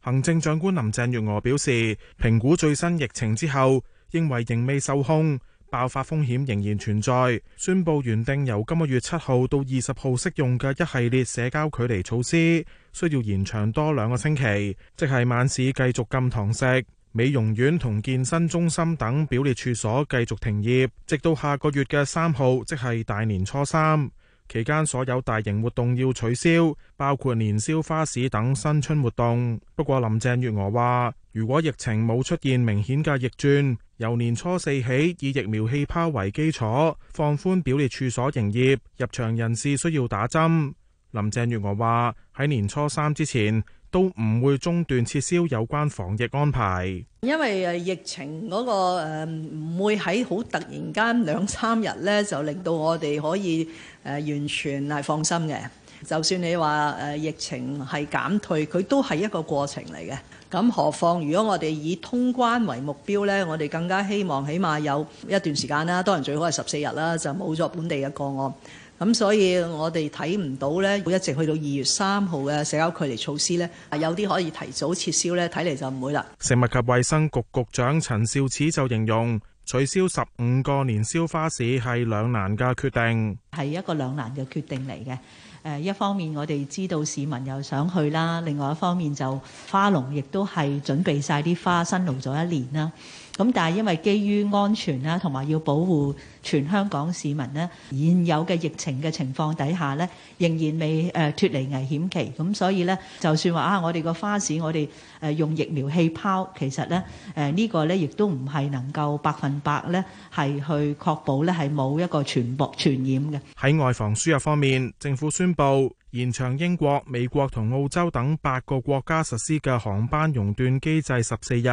行政長官林鄭月娥表示，評估最新疫情之後，認為仍未受控。爆發風險仍然存在。宣佈原定由今個月七號到二十號適用嘅一系列社交距離措施，需要延長多兩個星期，即係晚市繼續禁堂食、美容院同健身中心等表列處所繼續停業，直到下個月嘅三號，即係大年初三，期間所有大型活動要取消，包括年宵花市等新春活動。不過林鄭月娥話。如果疫情冇出現明顯嘅逆轉，由年初四起以疫苗氣泡為基礎放寬表列處所營業，入場人士需要打針。林鄭月娥話：喺年初三之前都唔會中斷撤銷有關防疫安排。因為疫情嗰個誒唔會喺好突然間兩三日咧，就令到我哋可以誒完全係放心嘅。就算你話誒疫情係減退，佢都係一個過程嚟嘅。咁何況，如果我哋以通關為目標呢，我哋更加希望起碼有一段時間啦，當然最好係十四日啦，就冇咗本地嘅個案。咁所以，我哋睇唔到呢，一直去到二月三號嘅社交距離措施呢，有啲可以提早撤銷呢，睇嚟就唔會啦。食物及衛生局局長陳肇始就形容，取消十五個年宵花市係兩難嘅決定，係一個兩難嘅決定嚟嘅。誒、呃、一方面我哋知道市民又想去啦，另外一方面就花農亦都係準備晒啲花，辛勞咗一年啦。咁但係因為基於安全啦，同埋要保護全香港市民咧，現有嘅疫情嘅情況底下咧，仍然未誒脫離危險期，咁所以咧，就算話啊，我哋個花市，我哋誒用疫苗氣泡，其實咧誒呢個咧，亦都唔係能夠百分百咧係去確保咧係冇一個傳播傳染嘅。喺外防輸入方面，政府宣布延長英國、美國同澳洲等八個國家實施嘅航班熔斷機制十四日。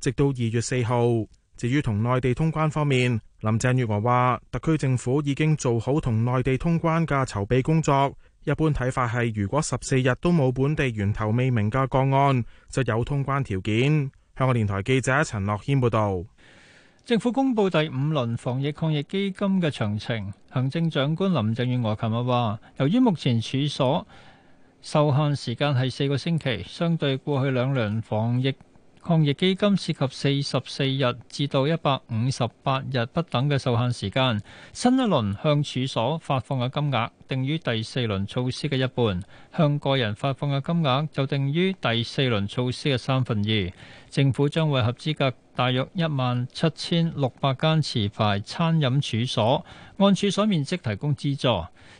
直到二月四號。至於同內地通關方面，林鄭月娥話：特區政府已經做好同內地通關嘅籌備工作。一般睇法係，如果十四日都冇本地源頭未明嘅個案，就有通關條件。香港電台記者陳樂軒報導。政府公布第五輪防疫抗疫基金嘅詳情。行政長官林鄭月娥琴日話：由於目前處所受限時間係四個星期，相對過去兩輪防疫。抗疫基金涉及四十四日至到一百五十八日不等嘅受限時間，新一輪向處所發放嘅金額定於第四輪措施嘅一半，向個人發放嘅金額就定於第四輪措施嘅三分二。政府將會合資格大約一萬七千六百間持牌餐飲處所，按處所面積提供資助，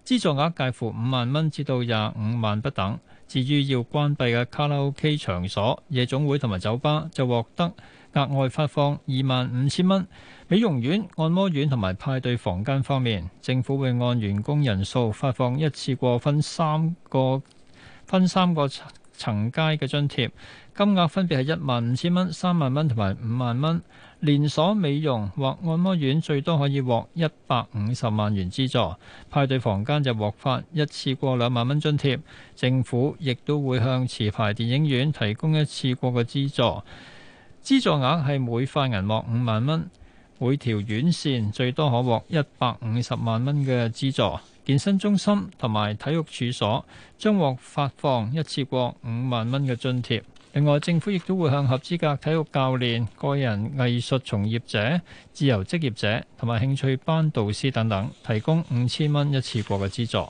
資助額介乎五萬蚊至到廿五萬不等。至於要關閉嘅卡拉 OK 場所、夜總會同埋酒吧，就獲得額外發放二萬五千蚊。美容院、按摩院同埋派對房間方面，政府會按員工人數發放一次過分三個分三個層階嘅津貼，金額分別係一萬五千蚊、三萬蚊同埋五萬蚊。連鎖美容或按摩院最多可以獲一百五十萬元資助，派對房間就獲發一次過兩萬蚊津貼。政府亦都會向持牌電影院提供一次過嘅資助，資助額係每塊銀幕五萬蚊，每條院線最多可獲一百五十萬蚊嘅資助。健身中心同埋體育處所將獲發放一次過五萬蚊嘅津貼。另外，政府亦都會向合資格體育教練、個人藝術從業者、自由職業者同埋興趣班導師等等提供五千蚊一次過嘅資助。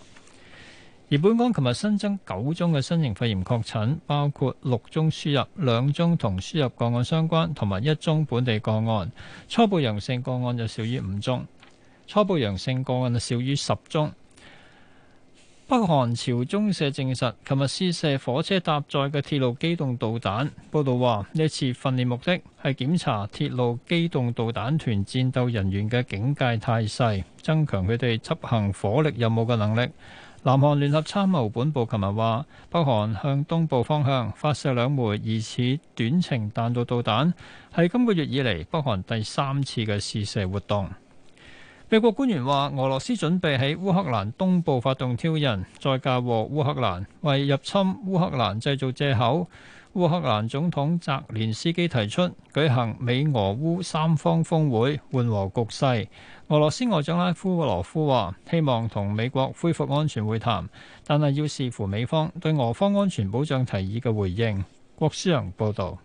而本港琴日新增九宗嘅新型肺炎確診，包括六宗輸入、兩宗同輸入個案相關，同埋一宗本地個案。初步陽性個案就少於五宗，初步陽性個案就少於十宗。北韓朝中社證實，琴日試射火車搭載嘅鐵路機動導彈。報道話，呢次訓練目的係檢查鐵路機動導彈團戰鬥人員嘅警戒態勢，增強佢哋執行火力任務嘅能力。南韓聯合參謀本部琴日話，北韓向東部方向發射兩枚疑似短程彈道導彈，係今個月以嚟北韓第三次嘅試射活動。美國官員話：俄羅斯準備喺烏克蘭東部發動挑釁，再嫁禍烏克蘭，為入侵烏克蘭製造借口。烏克蘭總統澤連斯基提出舉行美俄烏三方峰會，緩和局勢。俄羅斯外長拉夫羅夫話：希望同美國恢復安全會談，但係要視乎美方對俄方安全保障提議嘅回應。郭思陽報導。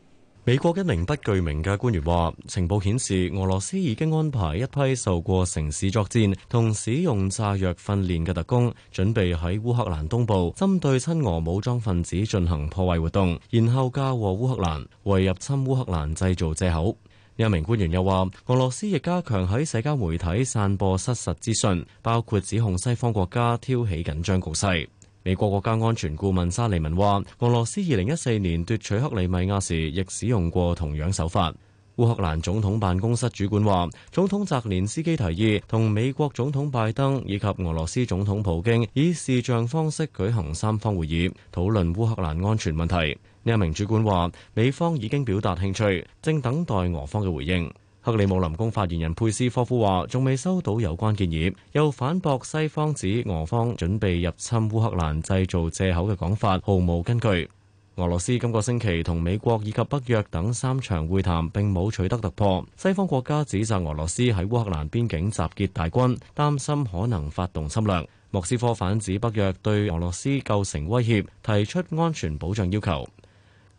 美國一名不具名嘅官員話：情報顯示，俄羅斯已經安排一批受過城市作戰同使用炸藥訓練嘅特工，準備喺烏克蘭東部針對親俄武裝分子進行破壞活動，然後嫁禍烏克蘭，為入侵烏克蘭製造藉口。一名官員又話：俄羅斯亦加強喺社交媒體散播失實資訊，包括指控西方國家挑起緊張局勢。美國國家安全顧問沙利文話：俄羅斯二零一四年奪取克里米亞時，亦使用過同樣手法。烏克蘭總統辦公室主管話：總統澤連斯基提議同美國總統拜登以及俄羅斯總統普京以視像方式舉行三方會議，討論烏克蘭安全問題。呢一名主管話：美方已經表達興趣，正等待俄方嘅回應。克里姆林宮發言人佩斯科夫話，仲未收到有關建議，又反駁西方指俄方準備入侵烏克蘭製造借口嘅講法，毫無根據。俄羅斯今個星期同美國以及北約等三場會談，並冇取得突破。西方國家指責俄羅斯喺烏克蘭邊境集結大軍，擔心可能發動侵略。莫斯科反指北約對俄羅斯構成威脅，提出安全保障要求。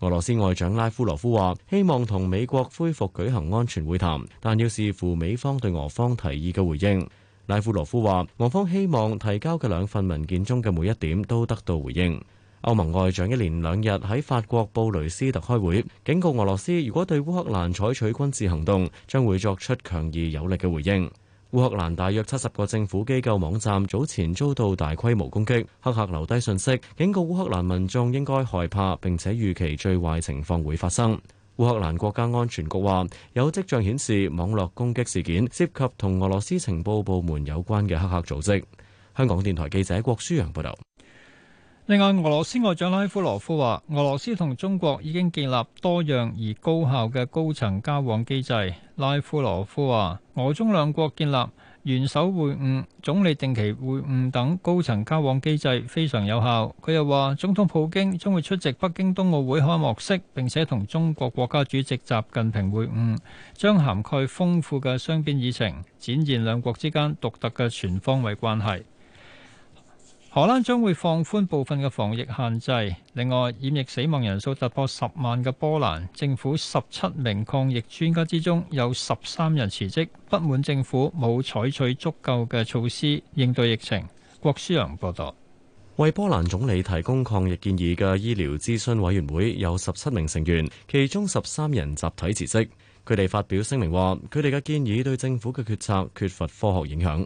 俄羅斯外長拉夫羅夫話，希望同美國恢復舉行安全會談，但要視乎美方對俄方提議嘅回應。拉夫羅夫話，俄方希望提交嘅兩份文件中嘅每一點都得到回應。歐盟外長一連兩日喺法國布雷斯特開會，警告俄羅斯如果對烏克蘭採取軍事行動，將會作出強而有力嘅回應。烏克蘭大約七十個政府機構網站早前遭到大規模攻擊，黑客留低信息警告烏克蘭民眾應該害怕，並且預期最壞情況會發生。烏克蘭國家安全局話有跡象顯示網絡攻擊事件涉及同俄羅斯情報部門有關嘅黑客組織。香港電台記者郭舒陽報道。另外，俄羅斯外長拉夫羅夫話俄羅斯同中國已經建立多樣而高效嘅高層交往機制。拉夫羅夫話俄中兩國建立元首會晤、總理定期會晤等高層交往機制非常有效。佢又話總統普京將會出席北京冬奧會開幕式，並且同中國國家主席習近平會晤，將涵蓋豐富嘅雙邊議程，展現兩國之間獨特嘅全方位關係。荷蘭將會放寬部分嘅防疫限制。另外，染疫死亡人數突破十萬嘅波蘭，政府十七名抗疫專家之中，有十三人辭職，不滿政府冇採取足夠嘅措施應對疫情。郭舒陽報道。為波蘭總理提供抗疫建議嘅醫療諮詢委員會有十七名成員，其中十三人集體辭職。佢哋發表聲明話：佢哋嘅建議對政府嘅決策缺乏科學影響。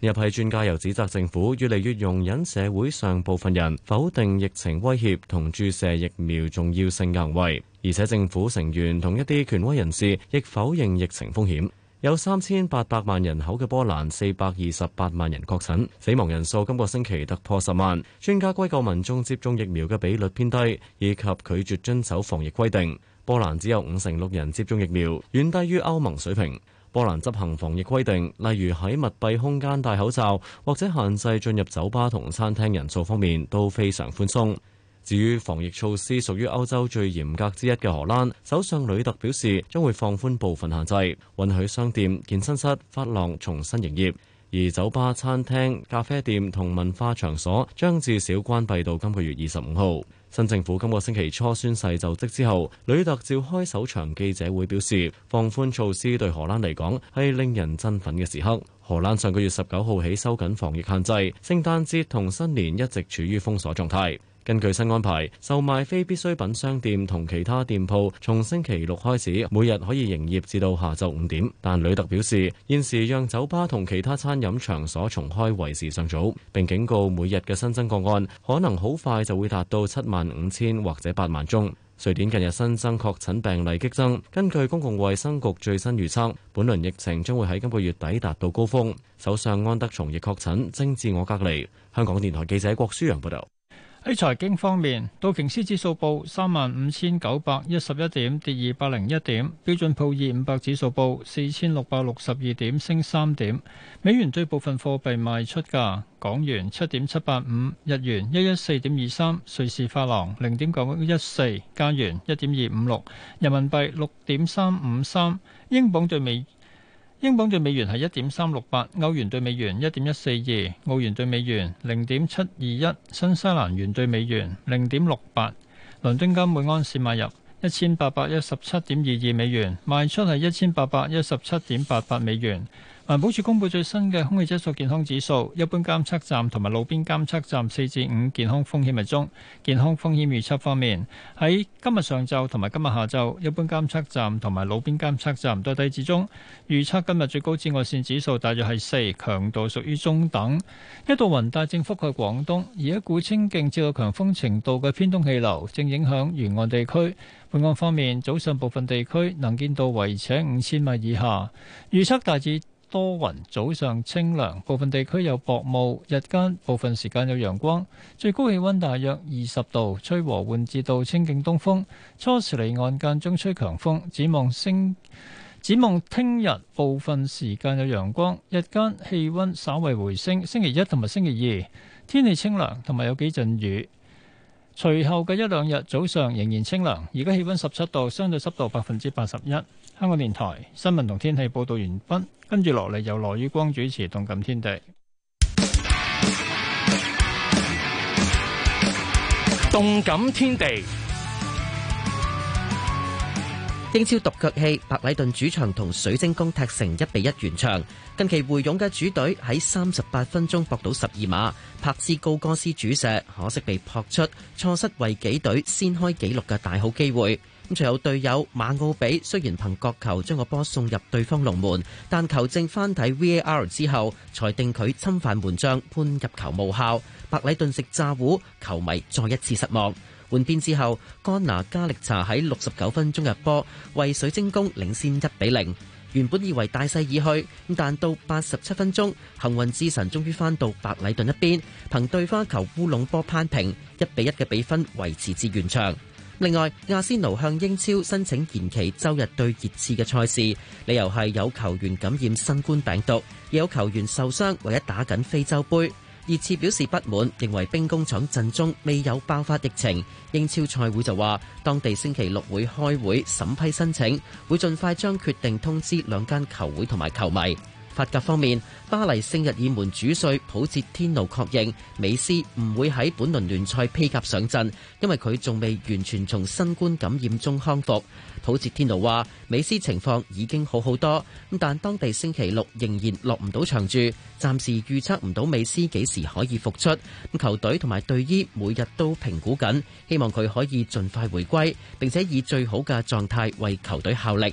又一批專家又指責政府越嚟越容忍社會上部分人否定疫情威脅同注射疫苗重要性嘅行為，而且政府成員同一啲權威人士亦否認疫情風險。有三千八百萬人口嘅波蘭，四百二十八萬人確診，死亡人數今個星期突破十萬。專家歸咎民眾接種疫苗嘅比率偏低，以及拒絕遵守防疫規定。波蘭只有五成六人接種疫苗，遠低於歐盟水平。波蘭執行防疫規定，例如喺密閉空間戴口罩或者限制進入酒吧同餐廳人數方面都非常寬鬆。至於防疫措施屬於歐洲最嚴格之一嘅荷蘭，首相呂特表示將會放寬部分限制，允許商店、健身室、髮廊重新營業。而酒吧、餐廳、咖啡店同文化場所將至少關閉到今個月二十五號。新政府今個星期初宣誓就職之後，呂特召開首場記者會表示放寬措施對荷蘭嚟講係令人振奮嘅時刻。荷蘭上個月十九號起收緊防疫限制，聖誕節同新年一直處於封鎖狀態。根據新安排，售賣非必需品商店同其他店鋪，從星期六開始，每日可以營業至到下晝五點。但呂特表示，現時讓酒吧同其他餐飲場所重開為時尚早。並警告，每日嘅新增個案可能好快就會達到七萬五千或者八萬宗。瑞典近日新增確診病例激增，根據公共衛生局最新預測，本輪疫情將會喺今個月底達到高峰。首相安德松亦確診，正自我隔離。香港電台記者郭舒揚報道。Please. 喺財經方面，道瓊斯指數報三萬五千九百一十一點，跌二百零一點；標準普爾五百指數報四千六百六十二點，升三點。美元對部分貨幣賣出價：港元七點七八五，日元一一四點二三，瑞士法郎零點九一四，加元一點二五六，人民幣六點三五三，英鎊兌美。英鎊對美元係一點三六八，歐元對美元一點一四二，澳元對美元零點七二一，新西蘭元對美元零點六八。倫敦金每安士買入一千八百一十七點二二美元，賣出係一千八百一十七點八八美元。環保署公布最新嘅空氣質素健康指數，一般監測站同埋路邊監測站四至五健康風險屬中。健康風險預測方面，喺今日上晝同埋今日下晝，一般監測站同埋路邊監測站都係低至中預測。預測今日最高紫外線指數大約係四，強度屬於中等。一道雲帶正覆蓋廣東，而一股清勁、至強風程度嘅偏東氣流正影響沿岸地區。本港方面，早上部分地區能見度維持五千米以下，預測大致，多雲，早上清涼，部分地區有薄霧，日間部分時間有陽光，最高氣溫大約二十度，吹和緩至到清勁東風，初時離岸間中吹強風。展望星，展望聽日部分時間有陽光，日間氣溫稍為回升。星期一同埋星期二天氣清涼，同埋有幾陣雨。隨後嘅一兩日早上仍然清涼。而家氣溫十七度，相對濕度百分之八十一。香港電台新聞同天氣報道完畢，跟住落嚟由羅宇光主持《動感天地》。動感天地。英超獨腳戲，白禮頓主場同水晶宮踢成一比一完場。近期回勇嘅主隊喺三十八分鐘搏到十二碼，柏斯高哥斯主射，可惜被撲出，錯失為己隊先開紀錄嘅大好機會。咁仲有隊友馬奧比，雖然憑角球將個波送入對方龍門，但球證翻睇 V A R 之後裁定佢侵犯門將，判入球無效。白禮頓食炸糊，球迷再一次失望。換邊之後，甘拿加力查喺六十九分鐘入波，為水晶宮領先一比零。原本以為大勢已去，但到八十七分鐘，幸運之神終於翻到白禮頓一邊，憑對方球烏龍波扳平一比一嘅比分，維持至完場。另外，阿仙奴向英超申請延期周日對熱刺嘅賽事，理由係有球員感染新冠病毒，有球員受傷，或者打緊非洲杯。熱刺表示不滿，認為兵工廠陣中未有爆發疫情。英超賽會就話，當地星期六會開會審批申請，會盡快將決定通知兩間球會同埋球迷。法甲方面，巴黎聖日耳門主帥普捷天奴確認，美斯唔會喺本輪聯賽披甲上陣，因為佢仲未完全從新冠感染中康復。普捷天奴話：美斯情況已經好好多，但當地星期六仍然落唔到場住，暫時預測唔到美斯幾時可以復出。咁球隊同埋隊醫每日都評估緊，希望佢可以盡快回歸，並且以最好嘅狀態為球隊效力。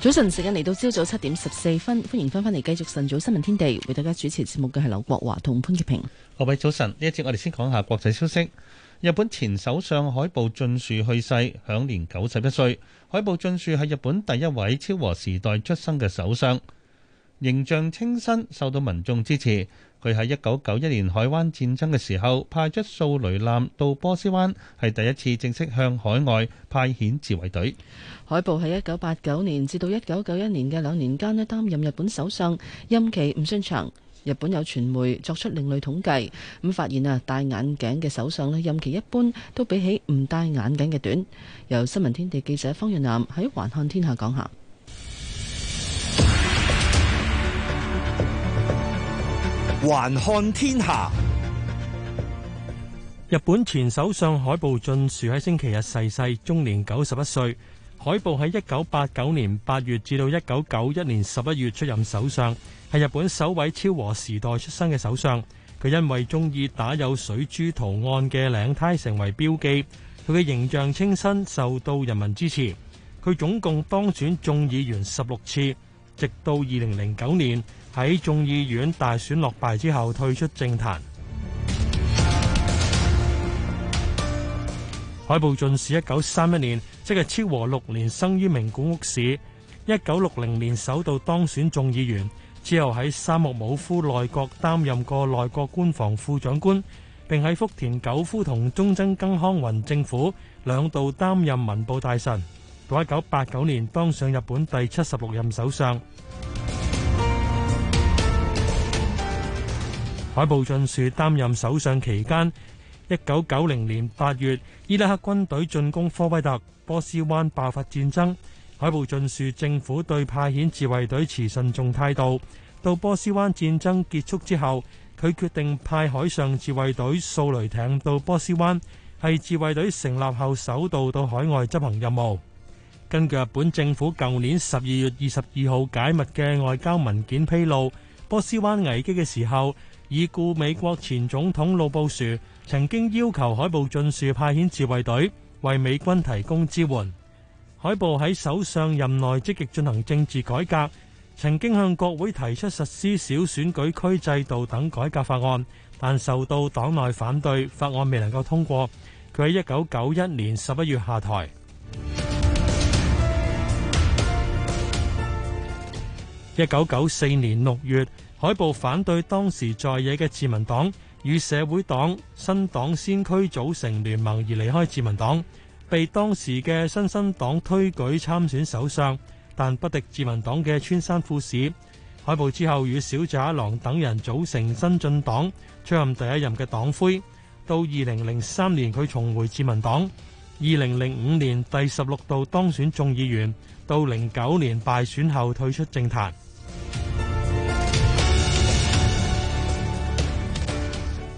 早晨，時間嚟到朝早七點十四分，歡迎翻返嚟繼續晨早新聞天地，為大家主持節目嘅係劉國華同潘潔平。各位早晨，呢一節我哋先講下國際消息。日本前首相海部俊樹去世，享年九十一歲。海部俊樹係日本第一位昭和時代出生嘅首相。形象清新，受到民眾支持。佢喺一九九一年海灣戰爭嘅時候，派出掃雷艦到波斯灣，係第一次正式向海外派遣自衛隊。海部喺一九八九年至到一九九一年嘅兩年間咧，擔任日本首相，任期唔算長，日本有傳媒作出另類統計，咁發現啊，戴眼鏡嘅首相呢，任期一般都比起唔戴眼鏡嘅短。由新聞天地記者方潤南喺環看天下講下。還看天下。日本前首相海部俊樹喺星期日逝世，終年九十一歲。海部喺一九八九年八月至到一九九一年十一月出任首相，係日本首位昭和時代出生嘅首相。佢因為中意打有水珠圖案嘅領呔成為標記，佢嘅形象清新，受到人民支持。佢總共當選眾議員十六次，直到二零零九年。喺眾議院大選落敗之後退出政壇。 海部俊士一九三一年，即係昭和六年，生於名古屋市。一九六零年首度當選眾議員，之後喺三木武夫內閣擔任過內閣官房副長官，並喺福田赳夫同中曾根康弘政府兩度擔任文部大臣。到一九八九年當上日本第七十六任首相。海部俊樹擔任首相期間，一九九零年八月伊拉克軍隊進攻科威特，波斯灣爆發戰爭。海部俊樹政府對派遣自衛隊持慎重態度。到波斯灣戰爭結束之後，佢決定派海上自衛隊掃雷艇到波斯灣，係自衛隊成立後首度到海外執行任務。根據日本政府舊年十二月二十二號解密嘅外交文件披露，波斯灣危機嘅時候，已故，美國前總統老布殊曾經要求海部俊樹派遣自衛隊為美軍提供支援。海部喺首相任內積極進行政治改革，曾經向國會提出實施小選舉區制度等改革法案，但受到黨內反對，法案未能夠通過。佢喺一九九一年十一月下台。一九九四年六月，海部反對當時在野嘅自民黨與社會黨、新黨先驅組成聯盟而離開自民黨，被當時嘅新生黨推舉參選首相，但不敵自民黨嘅村山富市。海部之後與小澤一郎等人組成新進黨，出任第一任嘅黨魁。到二零零三年佢重回自民黨，二零零五年第十六度當選眾議員，到零九年敗選後退出政壇。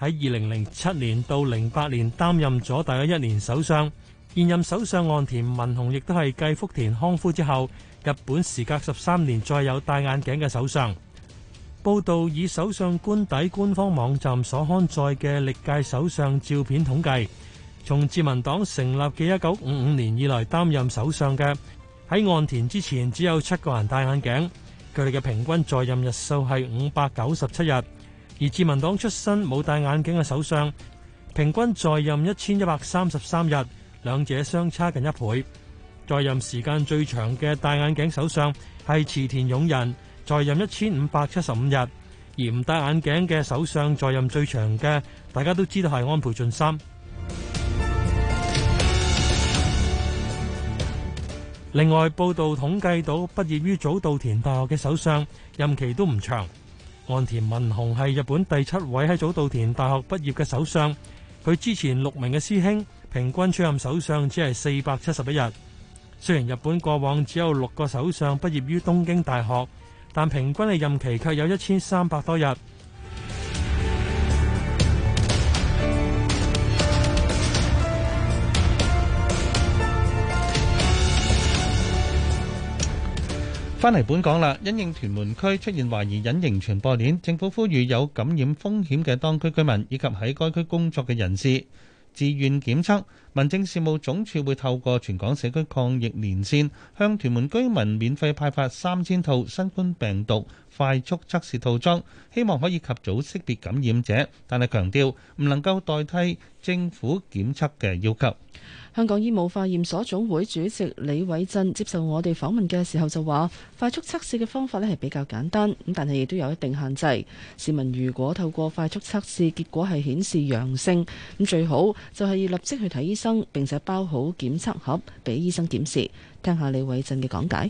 喺二零零七年到零八年擔任咗大約一年首相，現任首相岸田文雄亦都係繼福田康夫之後，日本時隔十三年再有戴眼鏡嘅首相。報道以首相官邸官方網站所刊載嘅歷屆首相照片統計，從自民黨成立嘅一九五五年以來擔任首相嘅，喺岸田之前只有七個人戴眼鏡，佢哋嘅平均在任日數係五百九十七日。而自民黨出身冇戴眼鏡嘅首相，平均在任一千一百三十三日，兩者相差近一倍。在任時間最長嘅戴眼鏡首相係池田勇人，在任一千五百七十五日，而唔戴眼鏡嘅首相在任最長嘅，大家都知道係安倍晉三。另外，報道統計到畢業於早稻田大學嘅首相任期都唔長。岸田文雄係日本第七位喺早稻田大學畢業嘅首相，佢之前六名嘅師兄平均出任首相只係四百七十一日。雖然日本過往只有六個首相畢業於東京大學，但平均嘅任期卻有一千三百多日。返嚟本港啦，因應屯門區出現懷疑隱形傳播鏈，政府呼籲有感染風險嘅當區居民以及喺該區工作嘅人士，自願檢測。民政事務總署會透過全港社區抗疫連線，向屯門居民免費派發三千套新冠病毒快速測試套裝，希望可以及早識別感染者。但係強調唔能夠代替政府檢測嘅要求。香港醫務化驗所總會主席李偉振接受我哋訪問嘅時候就話，快速測試嘅方法咧係比較簡單，咁但係亦都有一定限制。市民如果透過快速測試結果係顯示陽性，咁最好就係要立即去睇醫生，並且包好檢測盒俾醫生檢視，聽下李偉振嘅講解。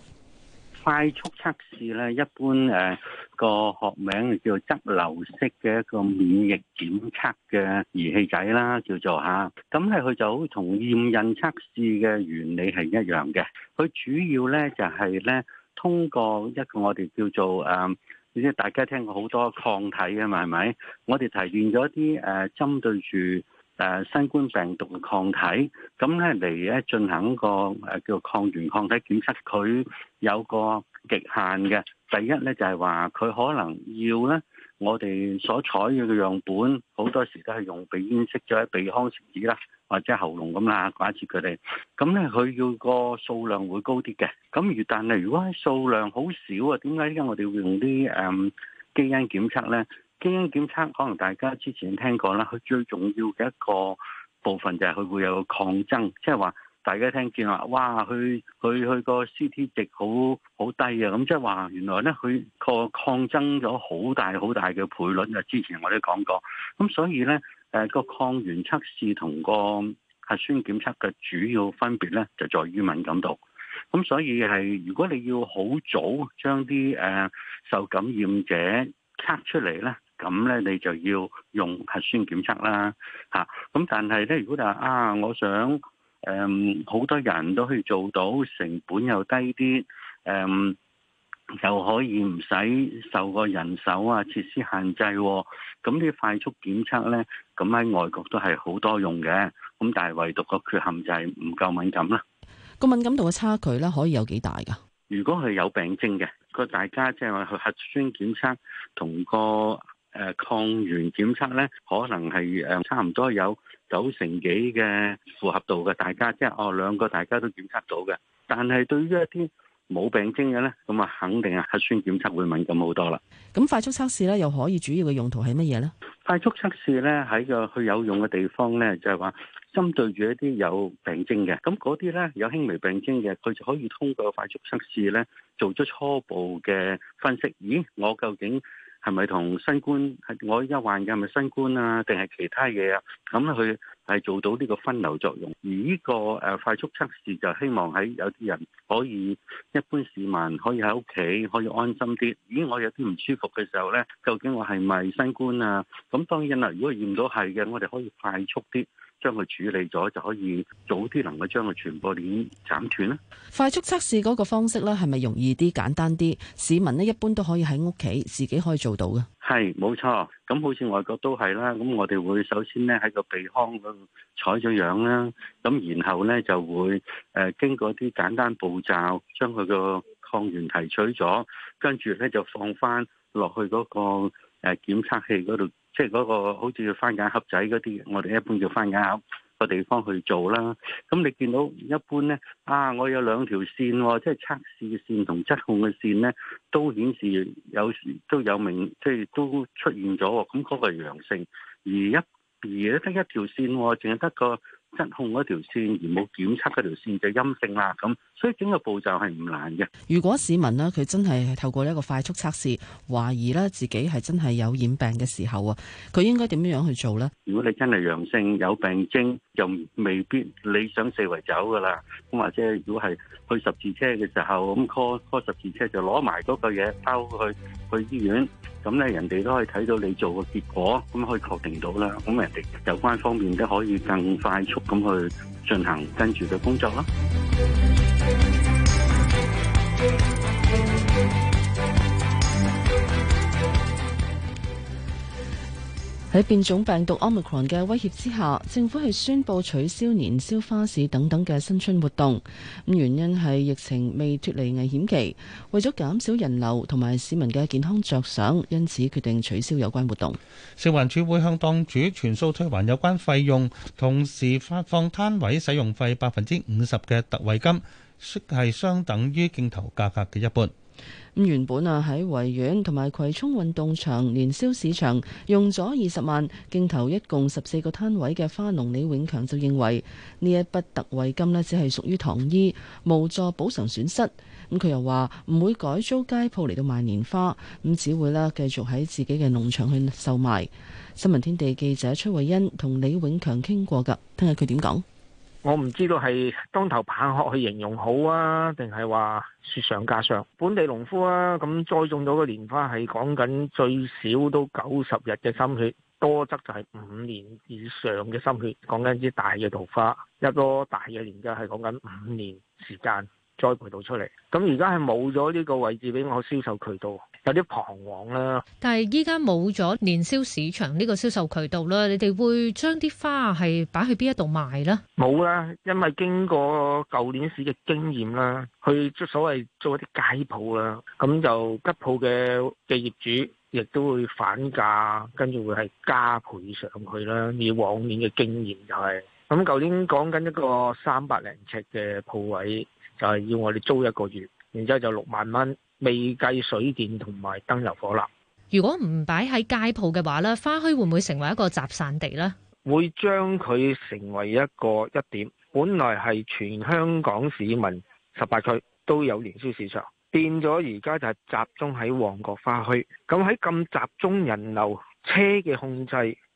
快速測試咧，一般誒個學名叫做側流式嘅一個免疫檢測嘅儀器仔啦，叫做吓。咁咧佢就好同驗孕測試嘅原理係一樣嘅。佢主要咧就係咧通過一個我哋叫做誒，即、啊、大家聽過好多抗體嘅，係咪？我哋提煉咗啲誒，針對住。誒新冠病毒嘅抗體，咁咧嚟咧進行一個誒叫做抗原抗體檢測，佢有個極限嘅。第一咧就係話佢可能要咧，我哋所採嘅樣本好多時都係用鼻咽拭咗、鼻腔拭子啦，或者喉嚨咁啦，掛住佢哋。咁咧佢要個數量會高啲嘅。咁如但係如果係數量好少啊，點解依家我哋會用啲誒、嗯、基因檢測咧？基因檢測可能大家之前聽過啦，佢最重要嘅一個部分就係佢會有擴增，即係話大家聽見話，哇，佢佢佢個 CT 值好好低啊！咁即係話原來呢，佢個擴增咗好大好大嘅倍率啊！之前我都講過，咁所以呢，誒個抗原測試同個核酸檢測嘅主要分別呢，就在於敏感度。咁所以係如果你要好早將啲誒受感染者測出嚟呢。咁咧，你就要用核酸檢測啦，嚇、啊！咁但係咧，如果就啊，我想誒，好、嗯、多人都可以做到，成本又低啲，誒、嗯，又可以唔使受個人手啊、設施限制、啊。咁啲快速檢測咧，咁喺外國都係好多用嘅。咁但係唯獨個缺陷就係唔夠敏感啦。個敏感度嘅差距咧，可以有幾大㗎？如果係有病徵嘅個，大家即係話去核酸檢測同個。誒、呃，抗原檢測咧，可能係誒、呃、差唔多有九成幾嘅符合度嘅，大家即係哦兩個大家都檢測到嘅。但係對於一啲冇病徵嘅咧，咁啊肯定係核酸檢測會敏感好多啦。咁快速測試咧，又可以主要嘅用途係乜嘢咧？快速測試咧，喺個去有用嘅地方咧，就係話針對住一啲有病徵嘅，咁嗰啲咧有輕微病徵嘅，佢就可以通過快速測試咧，做出初步嘅分析。咦，我究竟？係咪同新冠？係我依家患嘅係咪新冠啊？定係其他嘢啊？咁佢係做到呢個分流作用。而呢個誒快速測試就希望喺有啲人可以，一般市民可以喺屋企可以安心啲。咦，我有啲唔舒服嘅時候呢，究竟我係咪新冠啊？咁、嗯、當然啦，如果驗到係嘅，我哋可以快速啲。將佢處理咗就可以早啲能夠將佢全部鏈，斬斷啦。快速測試嗰個方式咧，係咪容易啲、簡單啲？市民咧一般都可以喺屋企自己可以做到嘅？係冇錯，咁好似外國都係啦。咁我哋會首先咧喺個鼻腔嗰度採咗樣啦，咁然後咧就會誒經過啲簡單步驟，將佢個抗原提取咗，跟住咧就放翻落去嗰個。誒檢測器嗰度，即係嗰個好似番梘盒仔嗰啲，我哋一般叫番梘盒個地方去做啦。咁你見到一般咧，啊，我有兩條線喎、哦，即係測試嘅線同質控嘅線咧，都顯示有都有明，即係都出現咗喎。咁嗰個係陽性，而一而得一條線、哦，淨係得個。質控嗰條線而冇檢測嗰條線就陰性啦，咁所以整個步驟係唔難嘅。如果市民呢，佢真係透過一個快速測試懷疑咧自己係真係有染病嘅時候啊，佢應該點樣樣去做咧？如果你真係陽性有病徵，就未必你想四圍走噶啦。咁或者如果係去十字車嘅時候，咁 call call 十字車就攞埋嗰個嘢包去去醫院。咁咧，人哋都可以睇到你做嘅結果，咁可以確定到啦。咁人哋有關方面都可以更快速咁去進行跟住嘅工作囉。喺變種病毒 Omicron 嘅威脅之下，政府係宣布取消年宵花市等等嘅新春活動。咁原因係疫情未脫離危險期，為咗減少人流同埋市民嘅健康着想，因此決定取消有關活動。食環署會向檔主全數退還有關費用，同時發放攤位使用費百分之五十嘅特惠金，即係相等於競投價格嘅一半。咁原本啊，喺維園同埋葵涌運動場年宵市場用咗二十萬，競投一共十四個攤位嘅花農李永強就認為呢一筆特惠金咧，只係屬於糖衣無助補償損失。咁佢又話唔會改租街鋪嚟到賣年花，咁只會咧繼續喺自己嘅農場去售賣。新聞天地記者崔慧欣同李永強傾過噶，聽下佢點講？我唔知道係當頭棒喝去形容好啊，定係話雪上加霜，本地農夫啊，咁栽種咗個蓮花係講緊最少都九十日嘅心血，多則就係五年以上嘅心血，講緊啲大嘅桃花，一個大嘅年花係講緊五年時間。栽培到出嚟，咁而家係冇咗呢個位置俾我銷售渠道，有啲彷徨啦。但係依家冇咗年宵市場呢個銷售渠道啦，你哋會將啲花係擺去邊一度賣咧？冇啦，因為經過舊年市嘅經驗啦，去即係所謂做一啲街鋪啦，咁就吉鋪嘅嘅業主亦都會反價，跟住會係加倍上去啦。以往年嘅經驗就係咁，舊年講緊一個三百零尺嘅鋪位。就係要我哋租一個月，然之後就六萬蚊，未計水電同埋燈油火蠟。如果唔擺喺街鋪嘅話咧，花墟會唔會成為一個集散地呢？會將佢成為一個一點，本來係全香港市民十八區都有營銷市場，變咗而家就係集中喺旺角花墟。咁喺咁集中人流、車嘅控制，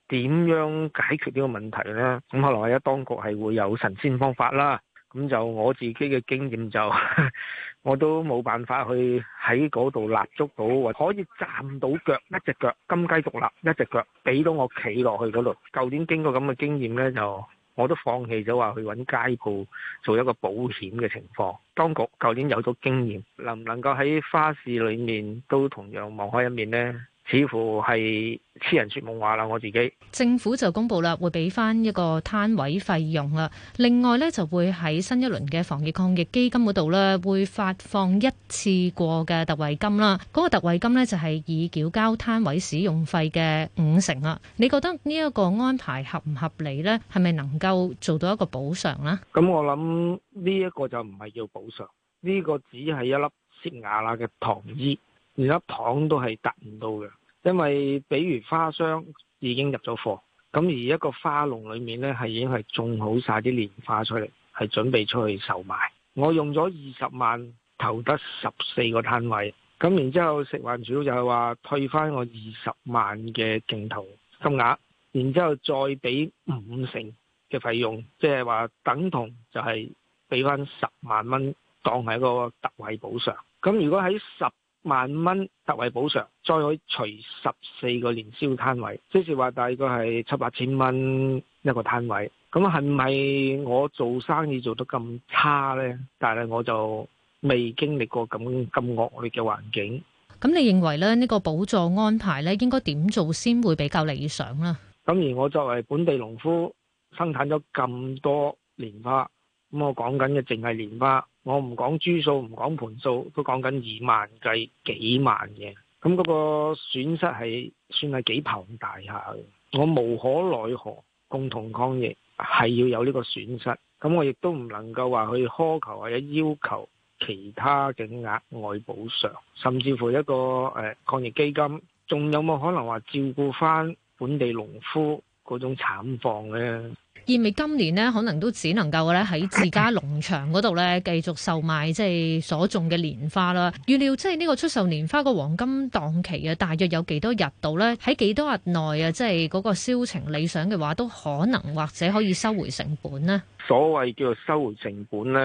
點樣解決呢個問題呢？咁可能而家當局係會有神仙方法啦。咁就我自己嘅經驗就， 我都冇辦法去喺嗰度立足到，或可以站到腳，一隻腳金雞獨立一隻腳，俾到我企落去嗰度。舊年經過咁嘅經驗呢，就我都放棄咗話去揾街鋪做一個保險嘅情況。當局舊年有咗經驗，能唔能夠喺花市裏面都同樣望開一面呢？似乎係癡人說夢話啦，我自己。政府就公布啦，會俾翻一個攤位費用啦。另外呢，就會喺新一輪嘅防疫抗疫基金嗰度呢，會發放一次過嘅特惠金啦。嗰、嗰個特惠金呢，就係已繳交攤位使用費嘅五成啦。你覺得呢一個安排合唔合理呢？係咪能夠做到一個補償呢？咁、嗯、我諗呢一個就唔係叫補償，呢、呢個只係一粒塞牙罅嘅糖衣。而家糖都係達唔到嘅，因為比如花商已經入咗貨，咁而一個花籠裏面呢，係已經係種好晒啲蓮花出嚟，係準備出去售賣。我用咗二十萬投得十四個攤位，咁然之後食環署就係話退翻我二十萬嘅競投金額，然之後再俾五成嘅費用，即係話等同就係俾翻十萬蚊當係一個特惠補償。咁如果喺十萬蚊特惠補償，再可以除十四個年宵攤位，即是話大概係七八千蚊一個攤位。咁係咪我做生意做得咁差呢？但係我就未經歷過咁咁惡劣嘅環境。咁你認為咧呢、這個補助安排咧應該點做先會比較理想咧？咁而我作為本地農夫，生產咗咁多年花，咁我講緊嘅淨係年花。我唔講豬數唔講盤數，都講緊二萬計幾萬嘅，咁、那、嗰個損失係算係幾龐大下嘅。我無可奈何，共同抗疫係要有呢個損失，咁我亦都唔能夠話去苛求或者要求其他嘅額外補償，甚至乎一個誒、呃、抗疫基金，仲有冇可能話照顧翻本地農夫嗰種慘況呢？意味今年咧，可能都只能夠咧喺自家農場嗰度咧繼續售賣，即係所種嘅年花啦。預料即係呢個出售年花個黃金檔期啊，大約有幾多日度咧？喺幾多日內啊？即係嗰個銷情理想嘅話，都可能或者可以收回成本咧。所謂叫做收回成本咧，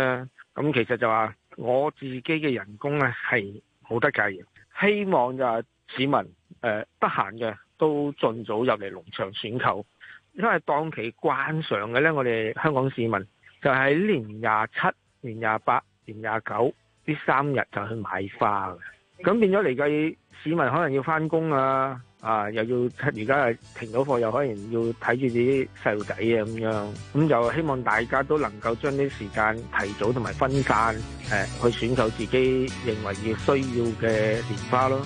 咁其實就話我自己嘅人工咧係冇得計嘅。希望就係市民誒得閒嘅都盡早入嚟農場選購。因為當期慣常嘅咧，我哋香港市民就喺年廿七、年廿八、年廿九呢三日就去買花嘅，咁變咗嚟計，市民可能要返工啊，啊又要，而家停咗課又可能要睇住啲細路仔啊咁樣，咁就希望大家都能夠將啲時間提早同埋分散，誒、呃、去選購自己認為要需要嘅年花咯。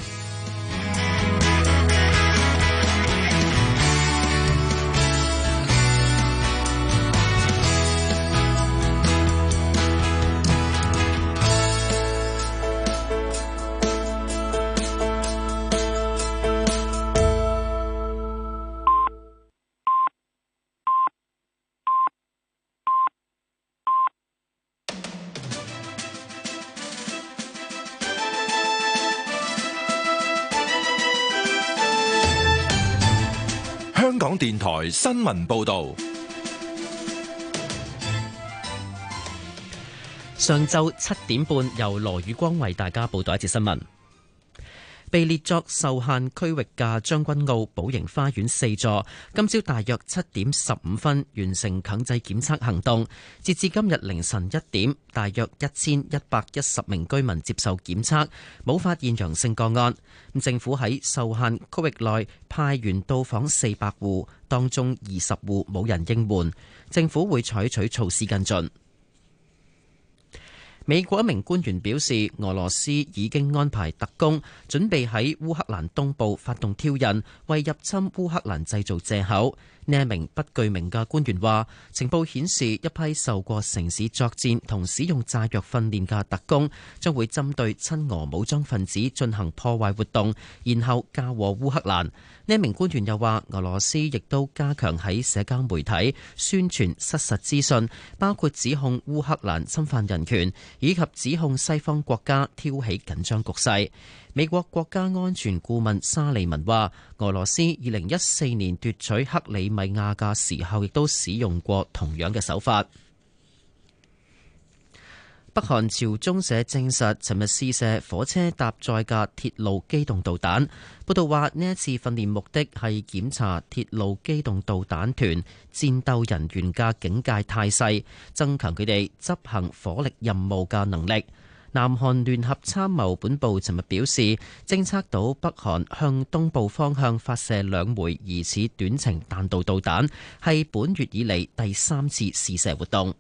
電台新聞報道。上晝七點半，由羅宇光為大家報道一節新聞。被列作受限區域嘅將軍澳寶盈花園四座，今朝大約七點十五分完成強制檢測行動。截至今日凌晨一點，大約一千一百一十名居民接受檢測，冇發現陽性個案。政府喺受限區域內派員到訪四百戶，當中二十戶冇人應門，政府會採取措施跟進。美國一名官員表示，俄羅斯已經安排特工準備喺烏克蘭東部發動挑釁，為入侵烏克蘭製造藉口。呢一名不具名嘅官員話，情報顯示一批受過城市作戰同使用炸藥訓練嘅特工，將會針對親俄武裝分子進行破壞活動，然後嫁禍烏克蘭。呢一名官員又話，俄羅斯亦都加強喺社交媒體宣傳失實資訊，包括指控烏克蘭侵犯人權以及指控西方國家挑起緊張局勢。美國國家安全顧問沙利文話：俄羅斯二零一四年奪取克里米亞嘅時候，亦都使用過同樣嘅手法。北韓朝中社證實，尋日試射火車搭載嘅鐵路機動導彈。報道話呢一次訓練目的係檢查鐵路機動導彈團戰鬥人員嘅警戒態勢，增強佢哋執行火力任務嘅能力。南韓聯合參謀本部尋日表示，偵測到北韓向東部方向發射兩枚疑似短程彈道導彈，係本月以嚟第三次試射活動。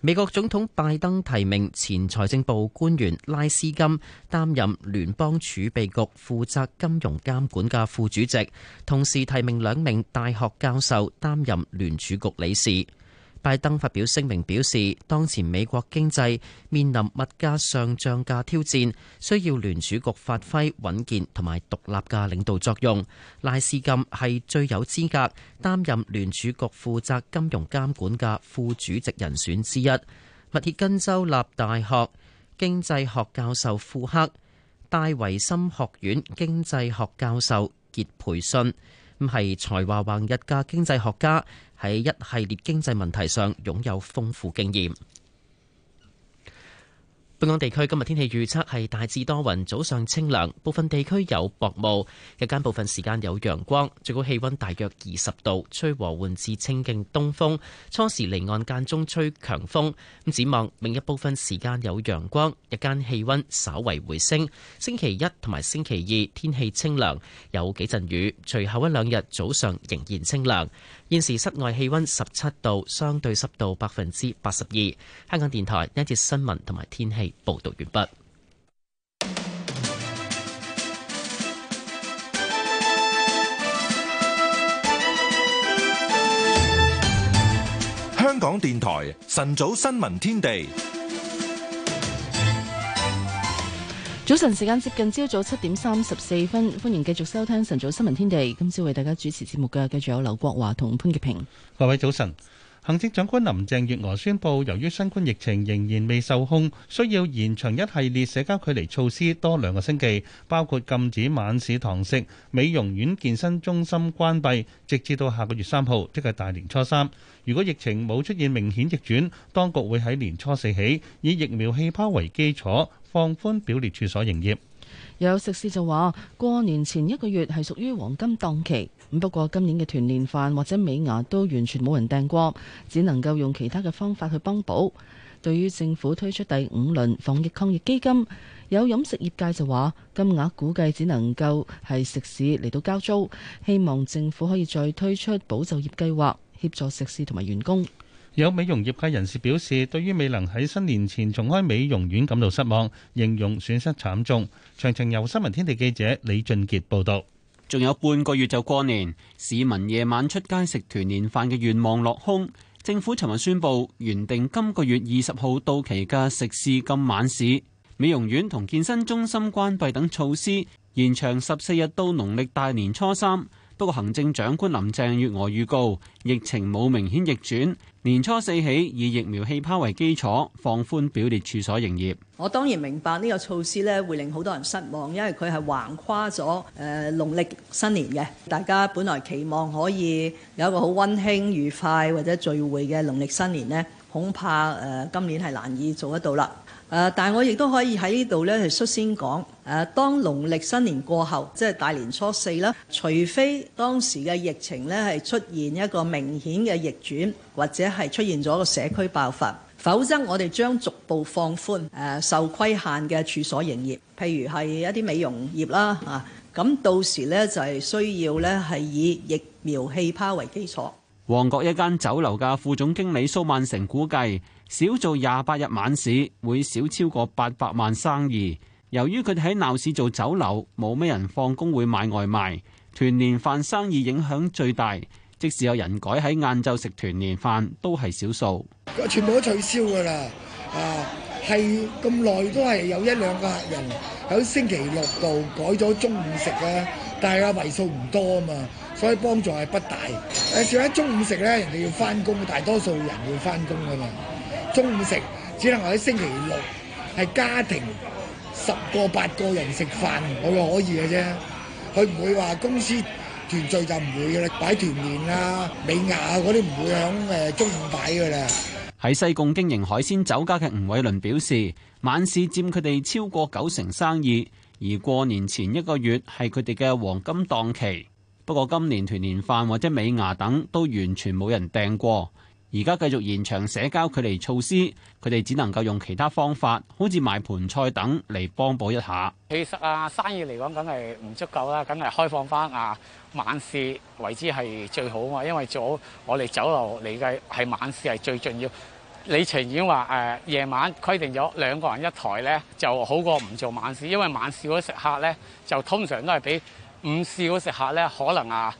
美國總統拜登提名前財政部官員拉斯金擔任聯邦儲備局負責金融監管嘅副主席，同時提名兩名大學教授擔任聯儲局理事。拜登發表聲明表示，當前美國經濟面臨物價上漲嘅挑戰，需要聯儲局發揮穩健同埋獨立嘅領導作用。賴斯金係最有資格擔任聯儲局負責金融監管嘅副主席人選之一。密歇根州立大學經濟學教授庫克、戴維森學院經濟學教授傑培遜，係才華橫溢嘅經濟學家，喺一系列經濟問題上擁有豐富經驗。本港地區今日天氣預測係大致多雲，早上清涼，部分地區有薄霧，日間部分時間有陽光，最高氣溫大約二十度，吹和緩至清勁東風，初時離岸間中吹強風。咁展望明日部分時間有陽光，日間氣溫稍為回升。星期一同埋星期二天氣清涼，有幾陣雨，隨後一兩日早上仍然清涼。現時室外氣溫十七度，相對濕度百分之八十二。香港電台一節新聞同埋天氣報道完畢。香港電台晨早新聞天地。早晨，時間接近朝早七點三十四分，歡迎繼續收聽晨早新聞天地。今朝為大家主持節目嘅，繼續有劉國華同潘潔平。各位早晨。行政長官林鄭月娥宣布，由於新冠疫情仍然未受控，需要延長一系列社交距離措施多兩個星期，包括禁止晚市堂食、美容院、健身中心關閉，直至到下個月三號，即係大年初三。如果疫情冇出現明顯逆轉，當局會喺年初四起，以疫苗氣泡為基礎，放寬表列處所營業。有食肆就話過年前一個月係屬於黃金檔期，不過今年嘅團年飯或者尾牙都完全冇人訂過，只能夠用其他嘅方法去幫補。對於政府推出第五輪防疫抗疫基金，有飲食業界就話金額估計只能夠係食肆嚟到交租，希望政府可以再推出保就業計劃協助食肆同埋員工。有美容業界人士表示，對於未能喺新年前重開美容院感到失望，形容損失慘重。詳情由新聞天地記者李俊杰報道。仲有半個月就過年，市民夜晚出街食團年飯嘅願望落空。政府尋日宣布，原定今個月二十號到期嘅食肆禁晚市、美容院同健身中心關閉等措施，延長十四日到農曆大年初三。不過，行政長官林鄭月娥預告，疫情冇明顯逆轉，年初四起以疫苗氣泡為基礎，放寬表列處所營業。我當然明白呢個措施咧，會令好多人失望，因為佢係橫跨咗誒農曆新年嘅。大家本來期望可以有一個好温馨、愉快或者聚會嘅農曆新年呢，恐怕誒今年係難以做得到啦。誒，但係我亦都可以喺呢度咧，係率先講誒。當農曆新年過後，即係大年初四啦，除非當時嘅疫情咧係出現一個明顯嘅逆轉，或者係出現咗個社區爆發，否則我哋將逐步放寬誒受規限嘅處所營業，譬如係一啲美容業啦嚇。咁到時咧就係需要咧係以疫苗氣泡為基礎。旺角一間酒樓嘅副總經理蘇萬成估計。少做廿八日晚市，會少超過八百萬生意。由於佢哋喺鬧市做酒樓，冇咩人放工會買外賣，團年飯生意影響最大。即使有人改喺晏晝食團年飯，都係少數。全部都取消㗎啦，啊，係咁耐都係有一兩個客人喺星期六度改咗中午食啊，但係啊為數唔多啊嘛，所以幫助係不大。誒，至於喺中午食咧，人哋要翻工，大多數人要翻工㗎嘛。中午食，只能喺星期六係家庭十個八個人食飯，我又可以嘅啫。佢唔會話公司團聚就唔會嘅啦，擺團年啊、尾牙嗰啲唔會響誒中午擺嘅啦。喺西貢經營海鮮酒家嘅吳偉倫表示，晚市佔佢哋超過九成生意，而過年前一個月係佢哋嘅黃金檔期。不過今年團年飯或者尾牙等都完全冇人訂過。而家繼續延長社交距離措施，佢哋只能夠用其他方法，好似賣盤菜等嚟幫補一下。其實啊，生意嚟講，梗係唔足夠啦，梗係開放返啊晚市為之係最好啊嘛，因為做我哋酒樓嚟計係晚市係最重要。你情願話誒夜晚規定咗兩個人一台咧，就好過唔做晚市，因為晚市嗰食客咧就通常都係比午市嗰食客咧可能啊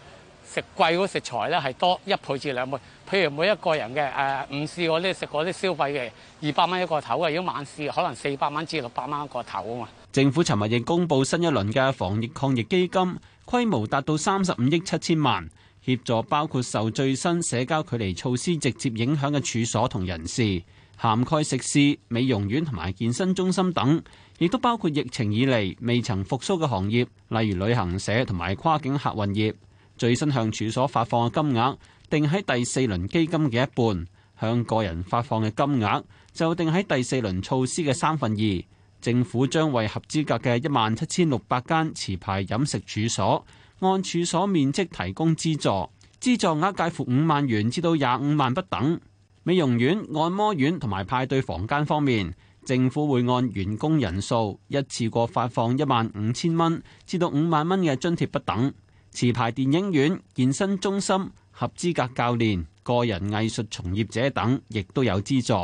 食貴嗰食材咧係多一倍至兩倍。譬如每一個人嘅誒，午市啲食嗰啲消費嘅二百蚊一個頭嘅，如果晚市可能四百蚊至六百蚊一個頭啊嘛。政府尋日亦公布新一輪嘅防疫抗疫基金，規模達到三十五億七千萬，協助包括受最新社交距離措施直接影響嘅處所同人士，涵蓋食肆、美容院同埋健身中心等，亦都包括疫情以嚟未曾復甦嘅行業，例如旅行社同埋跨境客運業。最新向處所發放嘅金額。定喺第四輪基金嘅一半，向個人發放嘅金額就定喺第四輪措施嘅三分二。政府將為合資格嘅一萬七千六百間持牌飲食處所，按處所面積提供資助，資助額介乎五萬元至到廿五萬不等。美容院、按摩院同埋派對房間方面，政府會按員工人數一次過發放一萬五千蚊至到五萬蚊嘅津貼不等。持牌電影院、健身中心。合資格教練、個人藝術從業者等，亦都有資助。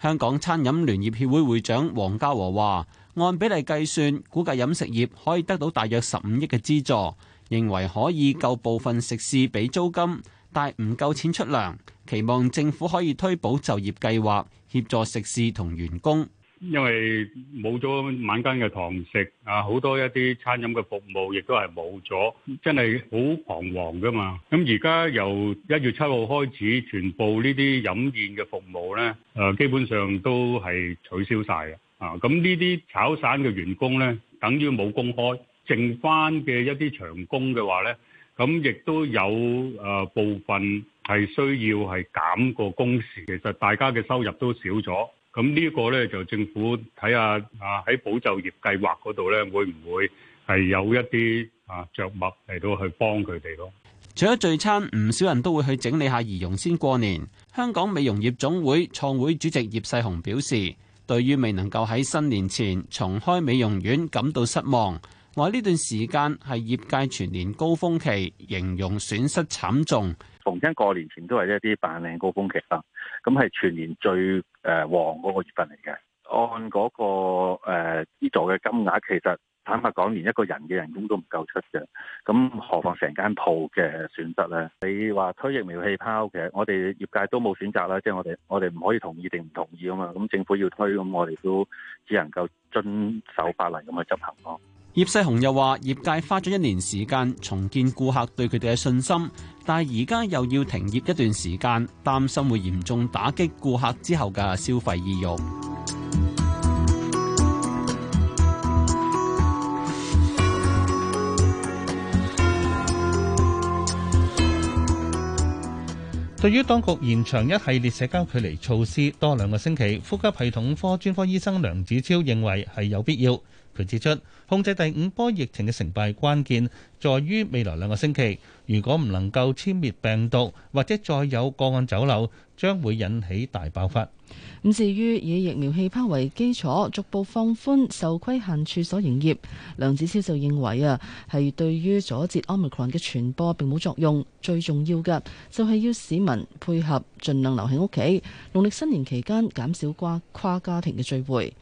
香港餐飲聯業協會會長黃家和話，按比例計算，估計飲食業可以得到大約十五億嘅資助，認為可以夠部分食肆俾租金，但唔夠錢出糧，期望政府可以推保就業計劃協助食肆同員工。因為冇咗晚間嘅堂食，啊，好多一啲餐飲嘅服務亦都係冇咗，真係好彷徨噶嘛。咁而家由一月七號開始，全部呢啲飲宴嘅服務呢誒、啊、基本上都係取消晒嘅。啊，咁呢啲炒散嘅員工呢，等於冇工開，剩翻嘅一啲長工嘅話呢，咁、啊、亦都有誒、啊、部分係需要係減個工時。其實大家嘅收入都少咗。咁呢個呢，就政府睇下啊，喺保就業計劃嗰度呢，會唔會係有一啲啊著墨嚟到去幫佢哋咯？除咗聚餐，唔少人都會去整理下儀容先過年。香港美容業總會創會主席葉世雄表示，對於未能夠喺新年前重開美容院感到失望，話呢段時間係業界全年高峰期，形容損失慘重。逢親過年前都係一啲扮靚高峰期啦。咁係全年最誒旺嗰個月份嚟嘅，按嗰、那個誒資助嘅金額，其實坦白講，連一個人嘅人工都唔夠出嘅，咁何況成間鋪嘅損失咧？你話推疫苗氣泡，其實我哋業界都冇選擇啦，即係我哋我哋唔可以同意定唔同意啊嘛，咁政府要推，咁我哋都只能夠遵守法例咁去執行咯。葉世雄又話：業界花咗一年時間重建顧客對佢哋嘅信心，但係而家又要停業一段時間，擔心會嚴重打擊顧客之後嘅消費意慾。對於當局延長一系列社交距離措施多兩個星期，呼吸系統科專科醫生梁子超認為係有必要。佢指出，控制第五波疫情嘅成敗關鍵，在於未來兩個星期。如果唔能夠殲滅病毒，或者再有個案走漏，將會引起大爆發，咁至於以疫苗氣泡為基礎逐步放寬受規限處所營業，梁子超就認為啊，係對於阻截 omicron 嘅傳播並冇作用。最重要嘅就係要市民配合，盡量留喺屋企。農曆新年期間減少跨跨家庭嘅聚會，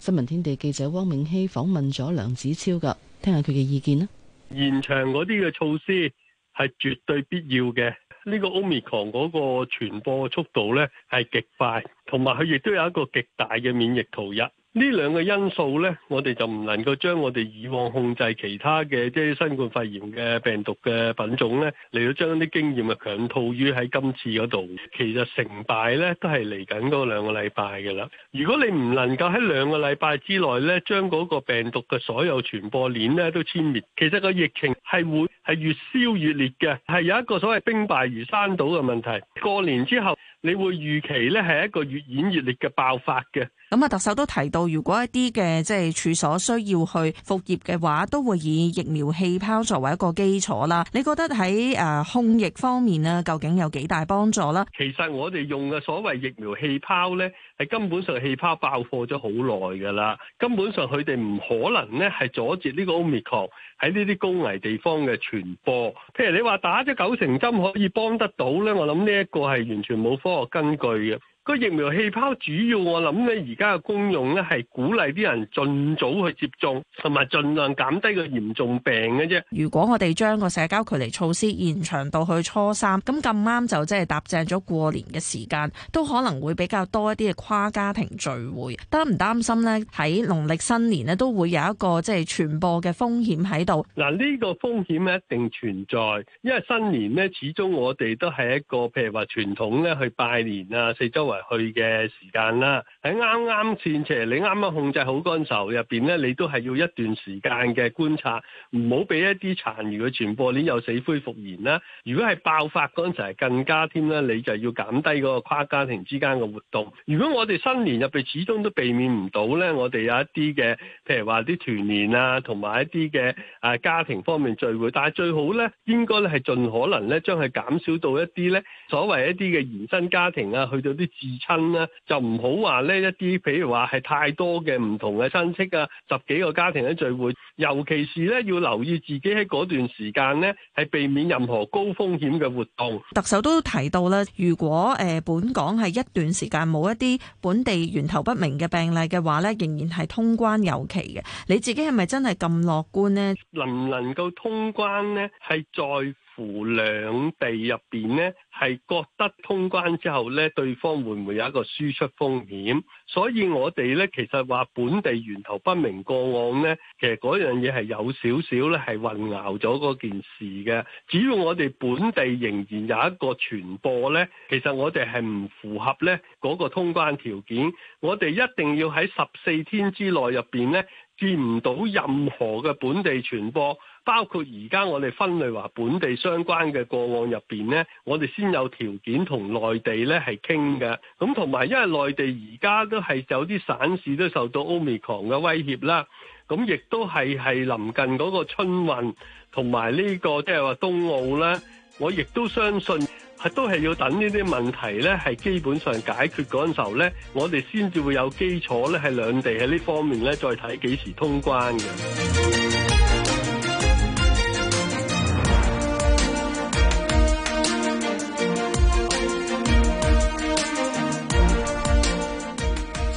新聞天地記者汪永希。訪問咗梁子超噶，聽下佢嘅意見啦。現場嗰啲嘅措施係絕對必要嘅。呢個 Omicron 嗰個傳播速度咧係極快，同埋佢亦都有一個極大嘅免疫逃逸。呢兩個因素呢，我哋就唔能夠將我哋以往控制其他嘅即係新冠肺炎嘅病毒嘅品種呢，嚟到將啲經驗啊強套於喺今次嗰度。其實成敗呢都係嚟緊嗰兩個禮拜嘅啦。如果你唔能夠喺兩個禮拜之內呢，將嗰個病毒嘅所有傳播鏈呢都殲滅，其實個疫情係會係越燒越烈嘅，係有一個所謂兵敗如山倒嘅問題。過年之後，你會預期呢係一個越演越烈嘅爆發嘅。咁啊，特首都提到，如果一啲嘅即係處所需要去復業嘅話，都會以疫苗氣泡作為一個基礎啦。你覺得喺誒、呃、控疫方面咧，究竟有幾大幫助咧？其實我哋用嘅所謂疫苗氣泡咧，係根本上氣泡爆破咗好耐噶啦，根本上佢哋唔可能咧係阻截呢個 Omicron 喺呢啲高危地方嘅傳播。譬如你話打咗九成針可以幫得到咧，我諗呢一個係完全冇科學根據嘅。個疫苗氣泡主要我諗咧而家嘅功用咧，係鼓勵啲人盡早去接種，同埋盡量減低個嚴重病嘅啫。如果我哋將個社交距離措施延長到去初三，咁咁啱就即係搭正咗過年嘅時間，都可能會比較多一啲嘅跨家庭聚會。擔唔擔心咧？喺農曆新年咧都會有一個即係傳播嘅風險喺度。嗱，呢個風險咧一定存在，因為新年咧始終我哋都係一個譬如話傳統咧去拜年啊，四周圍。去嘅時間啦，喺啱啱線斜，你啱啱控制好乾燥入邊咧，你都係要一段時間嘅觀察，唔好俾一啲殘餘嘅傳播鏈有死灰復燃啦。如果係爆發嗰陣時，係更加添啦，你就要減低嗰個跨家庭之間嘅活動。如果我哋新年入邊始終都避免唔到咧，我哋有一啲嘅，譬如話啲團年啊，同埋一啲嘅啊家庭方面聚會，但係最好咧，應該咧係盡可能咧，將佢減少到一啲咧，所謂一啲嘅延伸家庭啊，去到啲。至親呢就唔好話呢一啲，譬如話係太多嘅唔同嘅親戚啊，十幾個家庭嘅聚會，尤其是呢要留意自己喺嗰段時間呢係避免任何高風險嘅活動。特首都提到啦，如果誒、呃、本港係一段時間冇一啲本地源頭不明嘅病例嘅話呢仍然係通關有期嘅。你自己係咪真係咁樂觀呢？能唔能夠通關呢？係在乎兩地入邊呢，係覺得通關之後呢，對方會唔會有一個輸出風險，所以我哋呢，其實話本地源頭不明個案呢，其實嗰樣嘢係有少少呢，係混淆咗嗰件事嘅。只要我哋本地仍然有一個傳播呢，其實我哋係唔符合呢嗰個通關條件。我哋一定要喺十四天之內入邊呢，見唔到任何嘅本地傳播。包括而家我哋分類話本地相關嘅過往入邊呢，我哋先有條件同內地呢係傾嘅。咁同埋因為內地而家都係有啲省市都受到奧密克戎嘅威脅啦，咁亦都係係臨近嗰個春運同埋呢個即係話冬奧呢，我亦都相信係都係要等呢啲問題呢係基本上解決嗰陣時候呢，我哋先至會有基礎呢係兩地喺呢方面呢再睇幾時通關嘅。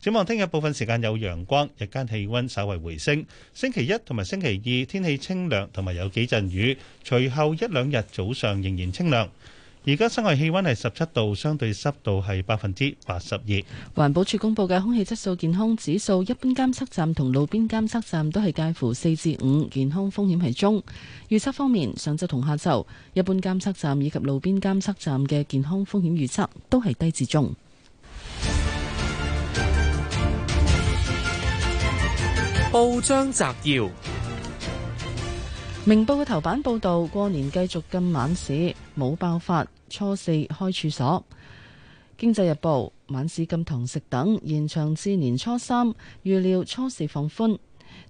展望聽日部分時間有陽光，日間氣溫稍為回升。星期一同埋星期二天氣清涼，同埋有幾陣雨。隨後一兩日早上仍然清涼。而家室外氣溫係十七度，相對濕度係百分之八十二。環保署公布嘅空氣質素健康指數，一般監測站同路邊監測站都係介乎四至五，健康風險係中。預測方面，上晝同下晝，一般監測站以及路邊監測站嘅健康風險預測都係低至中。報章摘要：明報嘅頭版報道，過年繼續禁晚市冇爆發，初四開處所。經濟日報，晚市禁堂食等延長至年初三，預料初四放寬。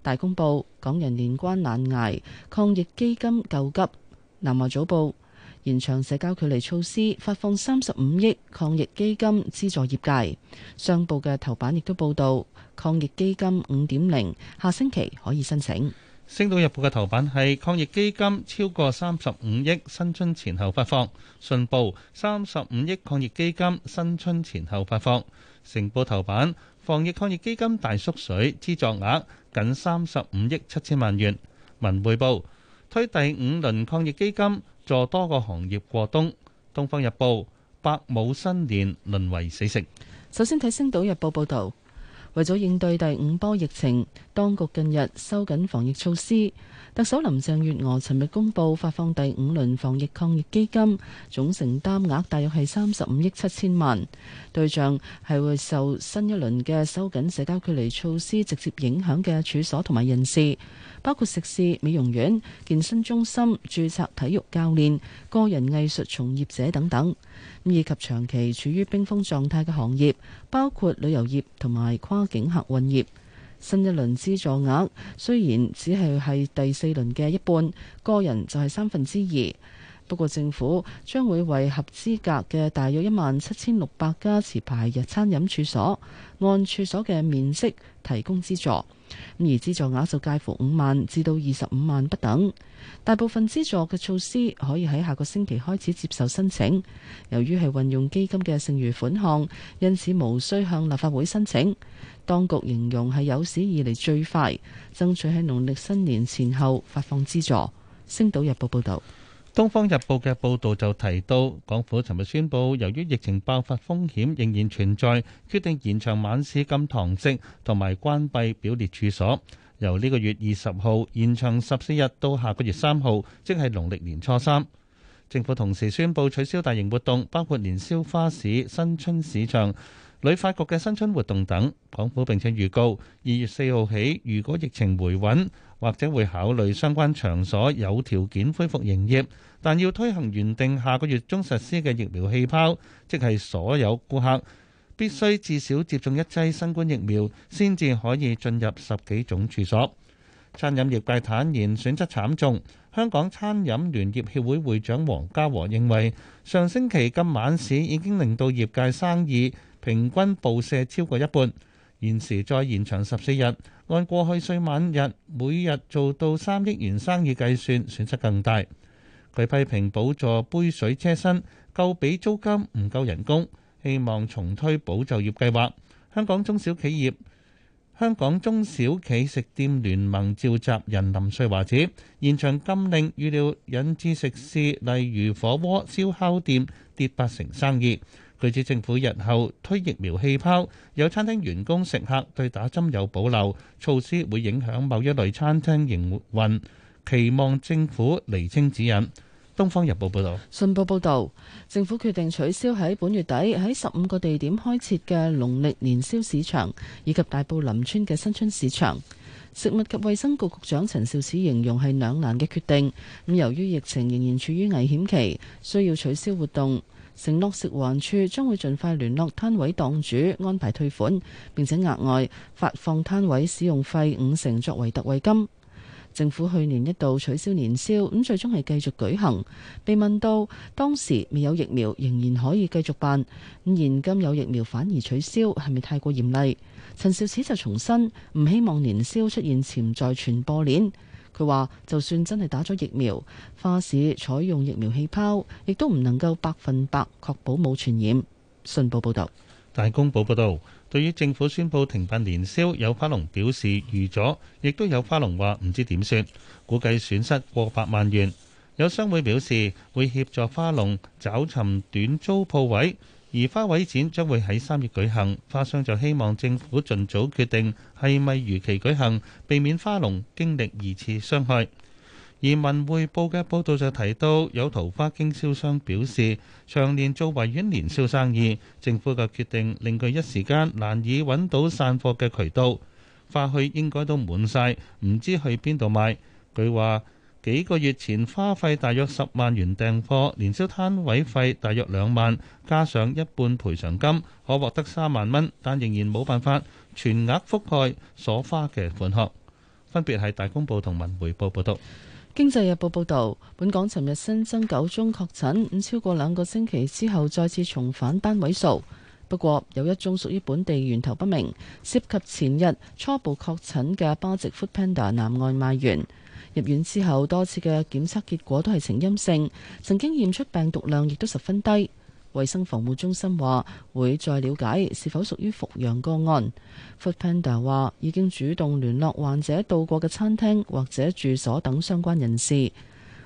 大公報，港人年關難捱，抗疫基金救急。南華早報。延長社交距離措施，發放三十五億抗疫基金資助業界。上報嘅頭版亦都報道抗疫基金五點零，下星期可以申請。星島日報嘅頭版係抗疫基金超過三十五億，新春前後發放。信報三十五億抗疫基金新春前後發放。成報頭版防疫抗疫基金大縮水，資助額僅三十五億七千萬元。文匯報推第五輪抗疫基金。助多個行業過冬。《東方日報》百冇新年，淪為死城。首先睇《星島日報》報導，為咗應對第五波疫情，當局近日收緊防疫措施。特首林鄭月娥尋日公布發放第五輪防疫抗疫基金，總承擔額大約係三十五億七千萬，對象係會受新一輪嘅收緊社交距離措施直接影響嘅處所同埋人士。包括食肆、美容院、健身中心、註冊體育教練、個人藝術從業者等等，以及長期處於冰封狀態嘅行業，包括旅遊業同埋跨境客運業。新一輪資助額雖然只係係第四輪嘅一半，個人就係三分之二。不過政府將會為合資格嘅大約一萬七千六百家持牌日餐飲處所，按處所嘅面積提供資助。而資助額就介乎五萬至到二十五萬不等，大部分資助嘅措施可以喺下個星期開始接受申請。由於係運用基金嘅剩餘款項，因此無需向立法會申請。當局形容係有史以嚟最快爭取喺農曆新年前後發放資助。星島日報報道。《東方日報》嘅報道就提到，港府尋日宣布，由於疫情爆發風險仍然存在，決定延長晚市禁堂食同埋關閉表列處所，由呢個月二十號延長十四日到下個月三號，即係農曆年初三。政府同時宣布取消大型活動，包括年宵花市、新春市場。旅發局嘅新春活動等，港府並且預告二月四號起，如果疫情回穩，或者會考慮相關場所有條件恢復營業，但要推行原定下個月中實施嘅疫苗氣泡，即係所有顧客必須至少接種一劑新冠疫苗先至可以進入十幾種處所。餐飲業界坦言損失慘重。香港餐飲聯業協，業協會會長黃家和認為，上星期今晚市已經令到業界生意。平均暴射超過一半，現時再延長十四日，按過去歲晚日每日做到三億元生意計算，損失更大。佢批評補助杯水車薪，夠俾租金，唔夠人工，希望重推保就業計劃。香港中小企業，香港中小企食店聯盟召集人林瑞華指，延長禁令預料引致食肆例如火鍋、燒烤店跌八成生意。據指，政府日後推疫苗氣泡，有餐廳員工食客對打針有保留，措施會影響某一類餐廳營運，期望政府釐清指引。《東方日報》報道，《信報》報道，政府決定取消喺本月底喺十五個地點開設嘅農曆年宵市場，以及大埔林村嘅新春市場。食物及衛生局局長陳肇始形容係兩難嘅決定。咁由於疫情仍然處於危險期，需要取消活動。承諾食環署將會盡快聯絡攤位檔主安排退款，並且額外發放攤位使用費五成作為特惠金。政府去年一度取消年宵，咁最終係繼續舉行。被問到當時未有疫苗仍然可以繼續辦，咁現今有疫苗反而取消，係咪太過嚴厲？陳肇始就重申唔希望年宵出現潛在傳播鏈。佢話：就算真係打咗疫苗，花市採用疫苗氣泡，亦都唔能夠百分百確保冇傳染。信報報道，大公報報道，對於政府宣布停辦年宵，有花農表示預咗，亦都有花農話唔知點算，估計損失過百萬元。有商會表示會協助花農找尋短租鋪位。而花卉展將會喺三月舉行，花商就希望政府盡早決定係咪如期舉行，避免花農經歷二次傷害。而文匯報嘅報道就提到，有桃花經銷商表示，長年做維園年宵生意，政府嘅決定令佢一時間難以揾到散貨嘅渠道，花去應該都滿晒，唔知去邊度買。佢話。幾個月前花費大約十萬元訂貨，年宵攤位費大約兩萬，加上一半賠償金，可獲得三萬蚊，但仍然冇辦法全額覆蓋所花嘅款項。分別係《大公報》同《文匯報》報道，《經濟日報》報道，本港尋日新增九宗確診，咁超過兩個星期之後再次重返單位數，不過有一宗屬於本地源頭不明，涉及前日初步確診嘅巴籍 Food Panda 男外賣員。入院之後多次嘅檢測結果都係呈陰性，曾經驗出病毒量亦都十分低。衛生防護中心話會再了解是否屬於復陽個案。Foodpanda 話已經主動聯絡患者到過嘅餐廳或者住所等相關人士。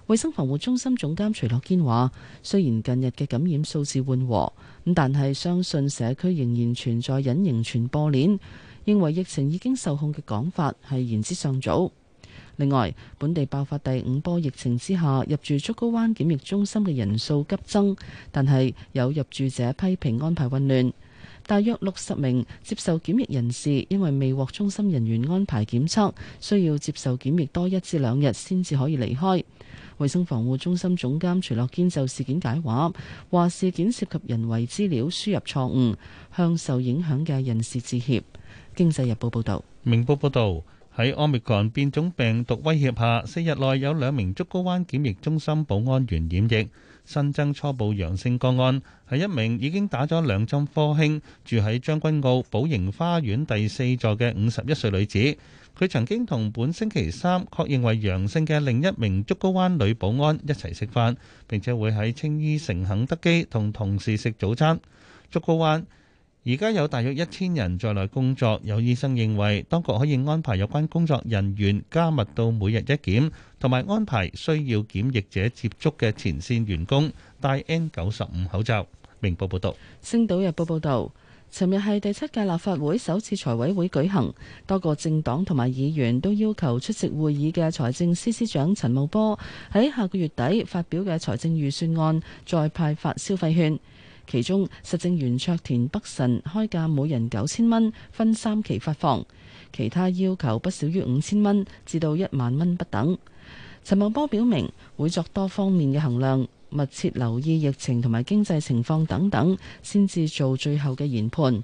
衛生防護中心總監徐樂堅話：雖然近日嘅感染數字緩和，咁但係相信社區仍然存在隱形傳播鏈，認為疫情已經受控嘅講法係言之尚早。另外，本地爆發第五波疫情之下，入住竹篙灣檢疫中心嘅人數急增，但係有入住者批評安排混亂。大約六十名接受檢疫人士因為未獲中心人員安排檢測，需要接受檢疫多一至兩日先至可以離開。衛生防護中心總監徐樂堅就事件解話，話事件涉及人為資料輸入錯誤，向受影響嘅人士致歉。經濟日報報道。明報報道。喺奧密克戎變種病毒威脅下，四日內有兩名竹篙灣檢疫中心保安員染疫，新增初步陽性個案係一名已經打咗兩針科興，住喺將軍澳寶盈花園第四座嘅五十一歲女子。佢曾經同本星期三確認為陽性嘅另一名竹篙灣女保安一齊食飯，並且會喺青衣城肯德基同同事食早餐。竹篙灣而家有大約一千人在內工作，有醫生認為當局可以安排有關工作人員加密到每日一檢，同埋安排需要檢疫者接觸嘅前線員工戴 N 九十五口罩。明報報導，《星島日報》報道，尋日係第七屆立法會首次財委會舉行，多個政黨同埋議員都要求出席會議嘅財政司司長陳茂波喺下個月底發表嘅財政預算案再派發消費券。其中，實政圓桌田北辰開價每人九千蚊，分三期發放；其他要求不少於五千蚊至到一萬蚊不等。陳茂波表明會作多方面嘅衡量，密切留意疫情同埋經濟情況等等，先至做最後嘅研判。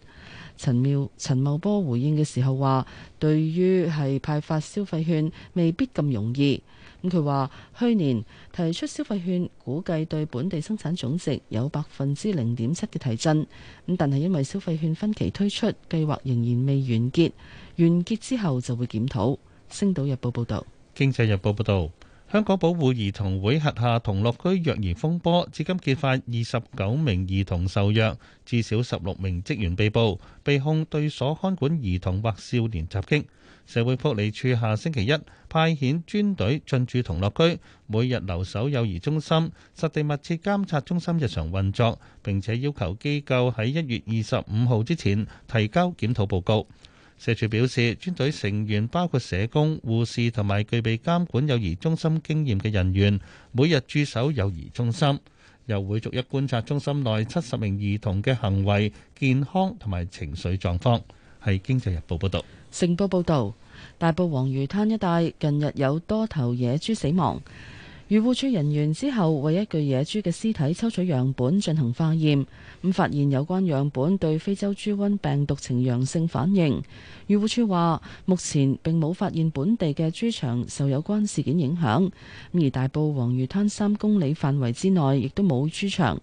陳妙陳茂波回應嘅時候話，對於係派發消費券未必咁容易。咁佢話去年提出消費券，估計對本地生產總值有百分之零點七嘅提振，咁但係因為消費券分期推出，計劃仍然未完結。完結之後就會檢討。星島日報報道：經濟日報報道，香港保護兒童會轄下同樂居虐兒風波，至今揭發二十九名兒童受虐，至少十六名職員被捕，被控對所看管兒童或少年襲擊。社會福利署下星期一派遣專隊進駐童樂居，每日留守幼兒中心，實地密切監察中心日常運作，並且要求機構喺一月二十五號之前提交檢討報告。社署表示，專隊成員包括社工、護士同埋具備監管幼兒中心經驗嘅人員，每日駐守幼兒中心，又會逐一觀察中心內七十名兒童嘅行為、健康同埋情緒狀況。係《經濟日報》報道。成報報道：大埔黃魚灘一帶近日有多頭野豬死亡。漁護處人員之後為一具野豬嘅屍體抽取樣本進行化驗，咁發現有關樣本對非洲豬瘟病毒呈陽性反應。漁護處話，目前並冇發現本地嘅豬場受有關事件影響，而大埔黃魚灘三公里範圍之內亦都冇豬場。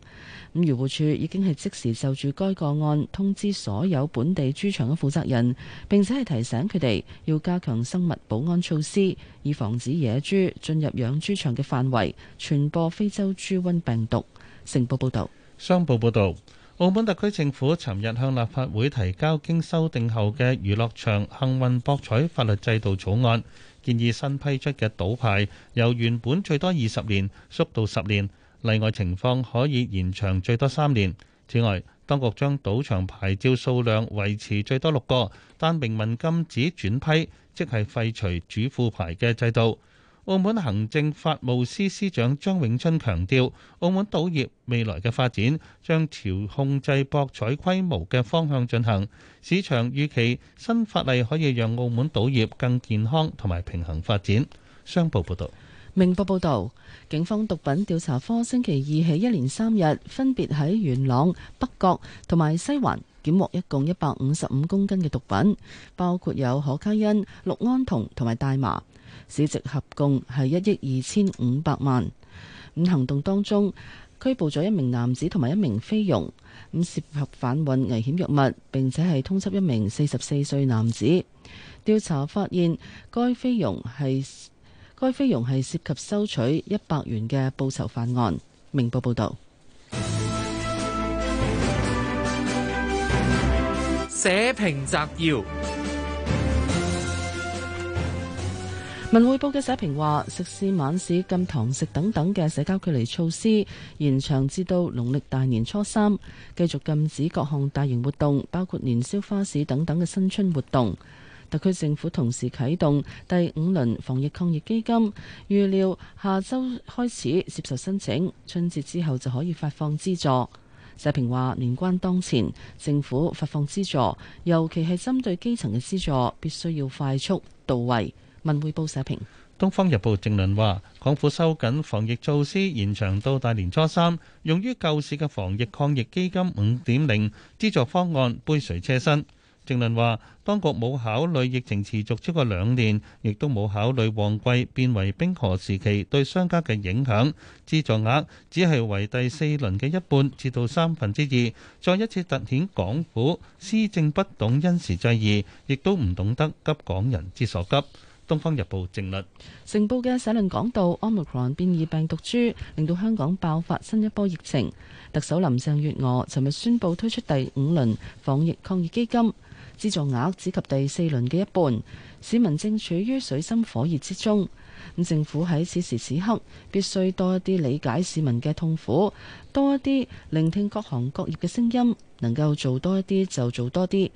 咁漁護處已經係即時就住該個案通知所有本地豬場嘅負責人，並且係提醒佢哋要加強生物保安措施，以防止野豬進入養豬場嘅。範圍傳播非洲豬瘟病毒。成報報道，商報報道，澳門特區政府尋日向立法會提交經修訂後嘅娛樂場幸運博彩法律制度草案，建議新批出嘅賭牌由原本最多二十年縮到十年，例外情況可以延長最多三年。此外，當局將賭場牌照數量維持最多六個，但明文禁止轉批，即係廢除主副牌嘅制度。澳門行政法務司司長張永春強調，澳門賭業未來嘅發展將朝控制博彩規模嘅方向進行。市場預期新法例可以讓澳門賭業更健康同埋平衡發展。商報報道，明報報道，警方毒品調查科星期二起一連三日分別喺元朗、北角同埋西環檢獲一共一百五十五公斤嘅毒品，包括有可卡因、氯胺酮同埋大麻。市值合共係一億二千五百萬。咁行動當中拘捕咗一名男子同埋一名菲傭，咁涉及販運危險藥物，並且係通緝一名四十四歲男子。調查發現該，該菲傭係該菲傭係涉及收取一百元嘅報酬犯案。明報報道。寫評摘要。文匯報嘅社評話，食肆晚市、禁堂食等等嘅社交距離措施延長至到農曆大年初三，繼續禁止各項大型活動，包括年宵花市等等嘅新春活動。特區政府同時啟動第五輪防疫抗疫基金，預料下周開始接受申請，春節之後就可以發放資助。社評話，年關當前，政府發放資助，尤其係針對基層嘅資助，必須要快速到位。文匯報社評：東方日報正論話，港府收緊防疫措施，延長到大年初三，用於救市嘅防疫抗疫基金五點零資助方案杯水車薪。正論話，當局冇考慮疫情持續超過兩年，亦都冇考慮旺季變為冰河時期對商家嘅影響，資助額只係為第四輪嘅一半至到三分之二，再一次凸顯港府施政不懂因時制宜，亦都唔懂得急港人之所急。《東方日報》正論、成報嘅社論講到，Omicron 變異病毒株令到香港爆發新一波疫情。特首林鄭月娥尋日宣布推出第五輪防疫抗疫基金，資助額只及第四輪嘅一半。市民正處於水深火熱之中，政府喺此時此刻必須多一啲理解市民嘅痛苦，多一啲聆聽各行各業嘅聲音，能夠做多一啲就做多啲。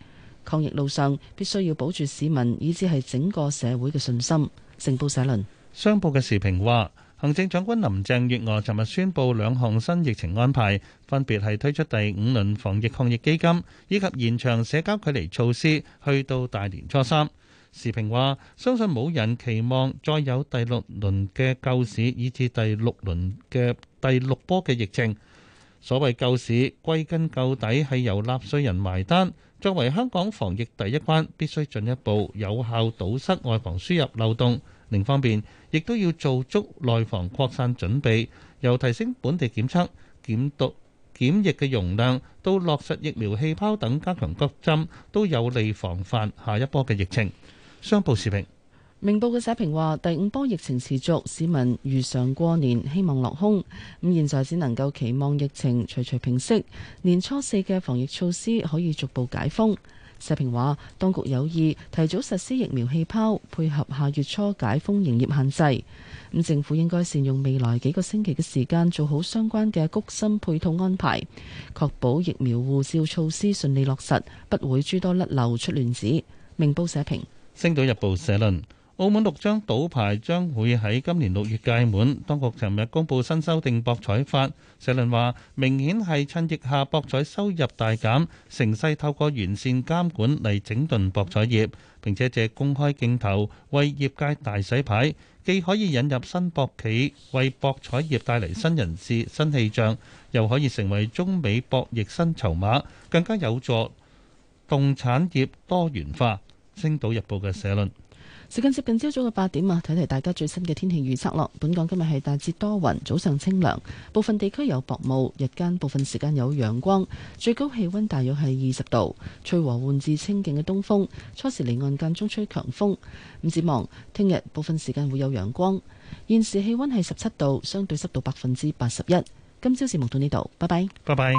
抗疫路上必須要保住市民，以至係整個社會嘅信心。成報社論，商報嘅時評話，行政長官林鄭月娥尋日宣布兩項新疫情安排，分別係推出第五輪防疫抗疫基金，以及延長社交距離措施去到大年初三。時評話，相信冇人期望再有第六輪嘅救市，以至第六輪嘅第六波嘅疫情。所謂救市，歸根究底係由納稅人埋單。作為香港防疫第一關，必須進一步有效堵塞外防輸入漏洞。另一方面，亦都要做足內防擴散準備，由提升本地檢測、檢毒、檢疫嘅容量，到落實疫苗氣泡等加強谷針，都有利防範下一波嘅疫情。商報時評。明報嘅社評話：第五波疫情持續，市民如常過年，希望落空。咁現在只能夠期望疫情徐徐平息，年初四嘅防疫措施可以逐步解封。社評話：當局有意提早實施疫苗氣泡，配合下月初解封營業限制。咁政府應該善用未來幾個星期嘅時間，做好相關嘅谷心配套安排，確保疫苗護照措施順利落實，不會諸多甩漏出亂子。明報社評，《星島日報》社論。澳門六張賭牌將會喺今年六月屆滿，當局尋日公佈新修訂博彩法，社論話明顯係趁疫下博彩收入大減，乘勢透過完善監管嚟整頓博彩業，並且借公開競投為業界大洗牌，既可以引入新博企，為博彩業帶嚟新人士、新氣象，又可以成為中美博弈新籌碼，更加有助動產業多元化。《星島日報》嘅社論。時間接近朝早嘅八點啊，睇睇大家最新嘅天氣預測咯。本港今日係大致多雲，早上清涼，部分地區有薄霧，日間部分時間有陽光，最高氣溫大約係二十度，吹和緩至清勁嘅東風，初時離岸間中吹強風。咁展望聽日部分時間會有陽光，現時氣溫係十七度，相對濕度百分之八十一。今朝節目到呢度，拜拜，拜拜。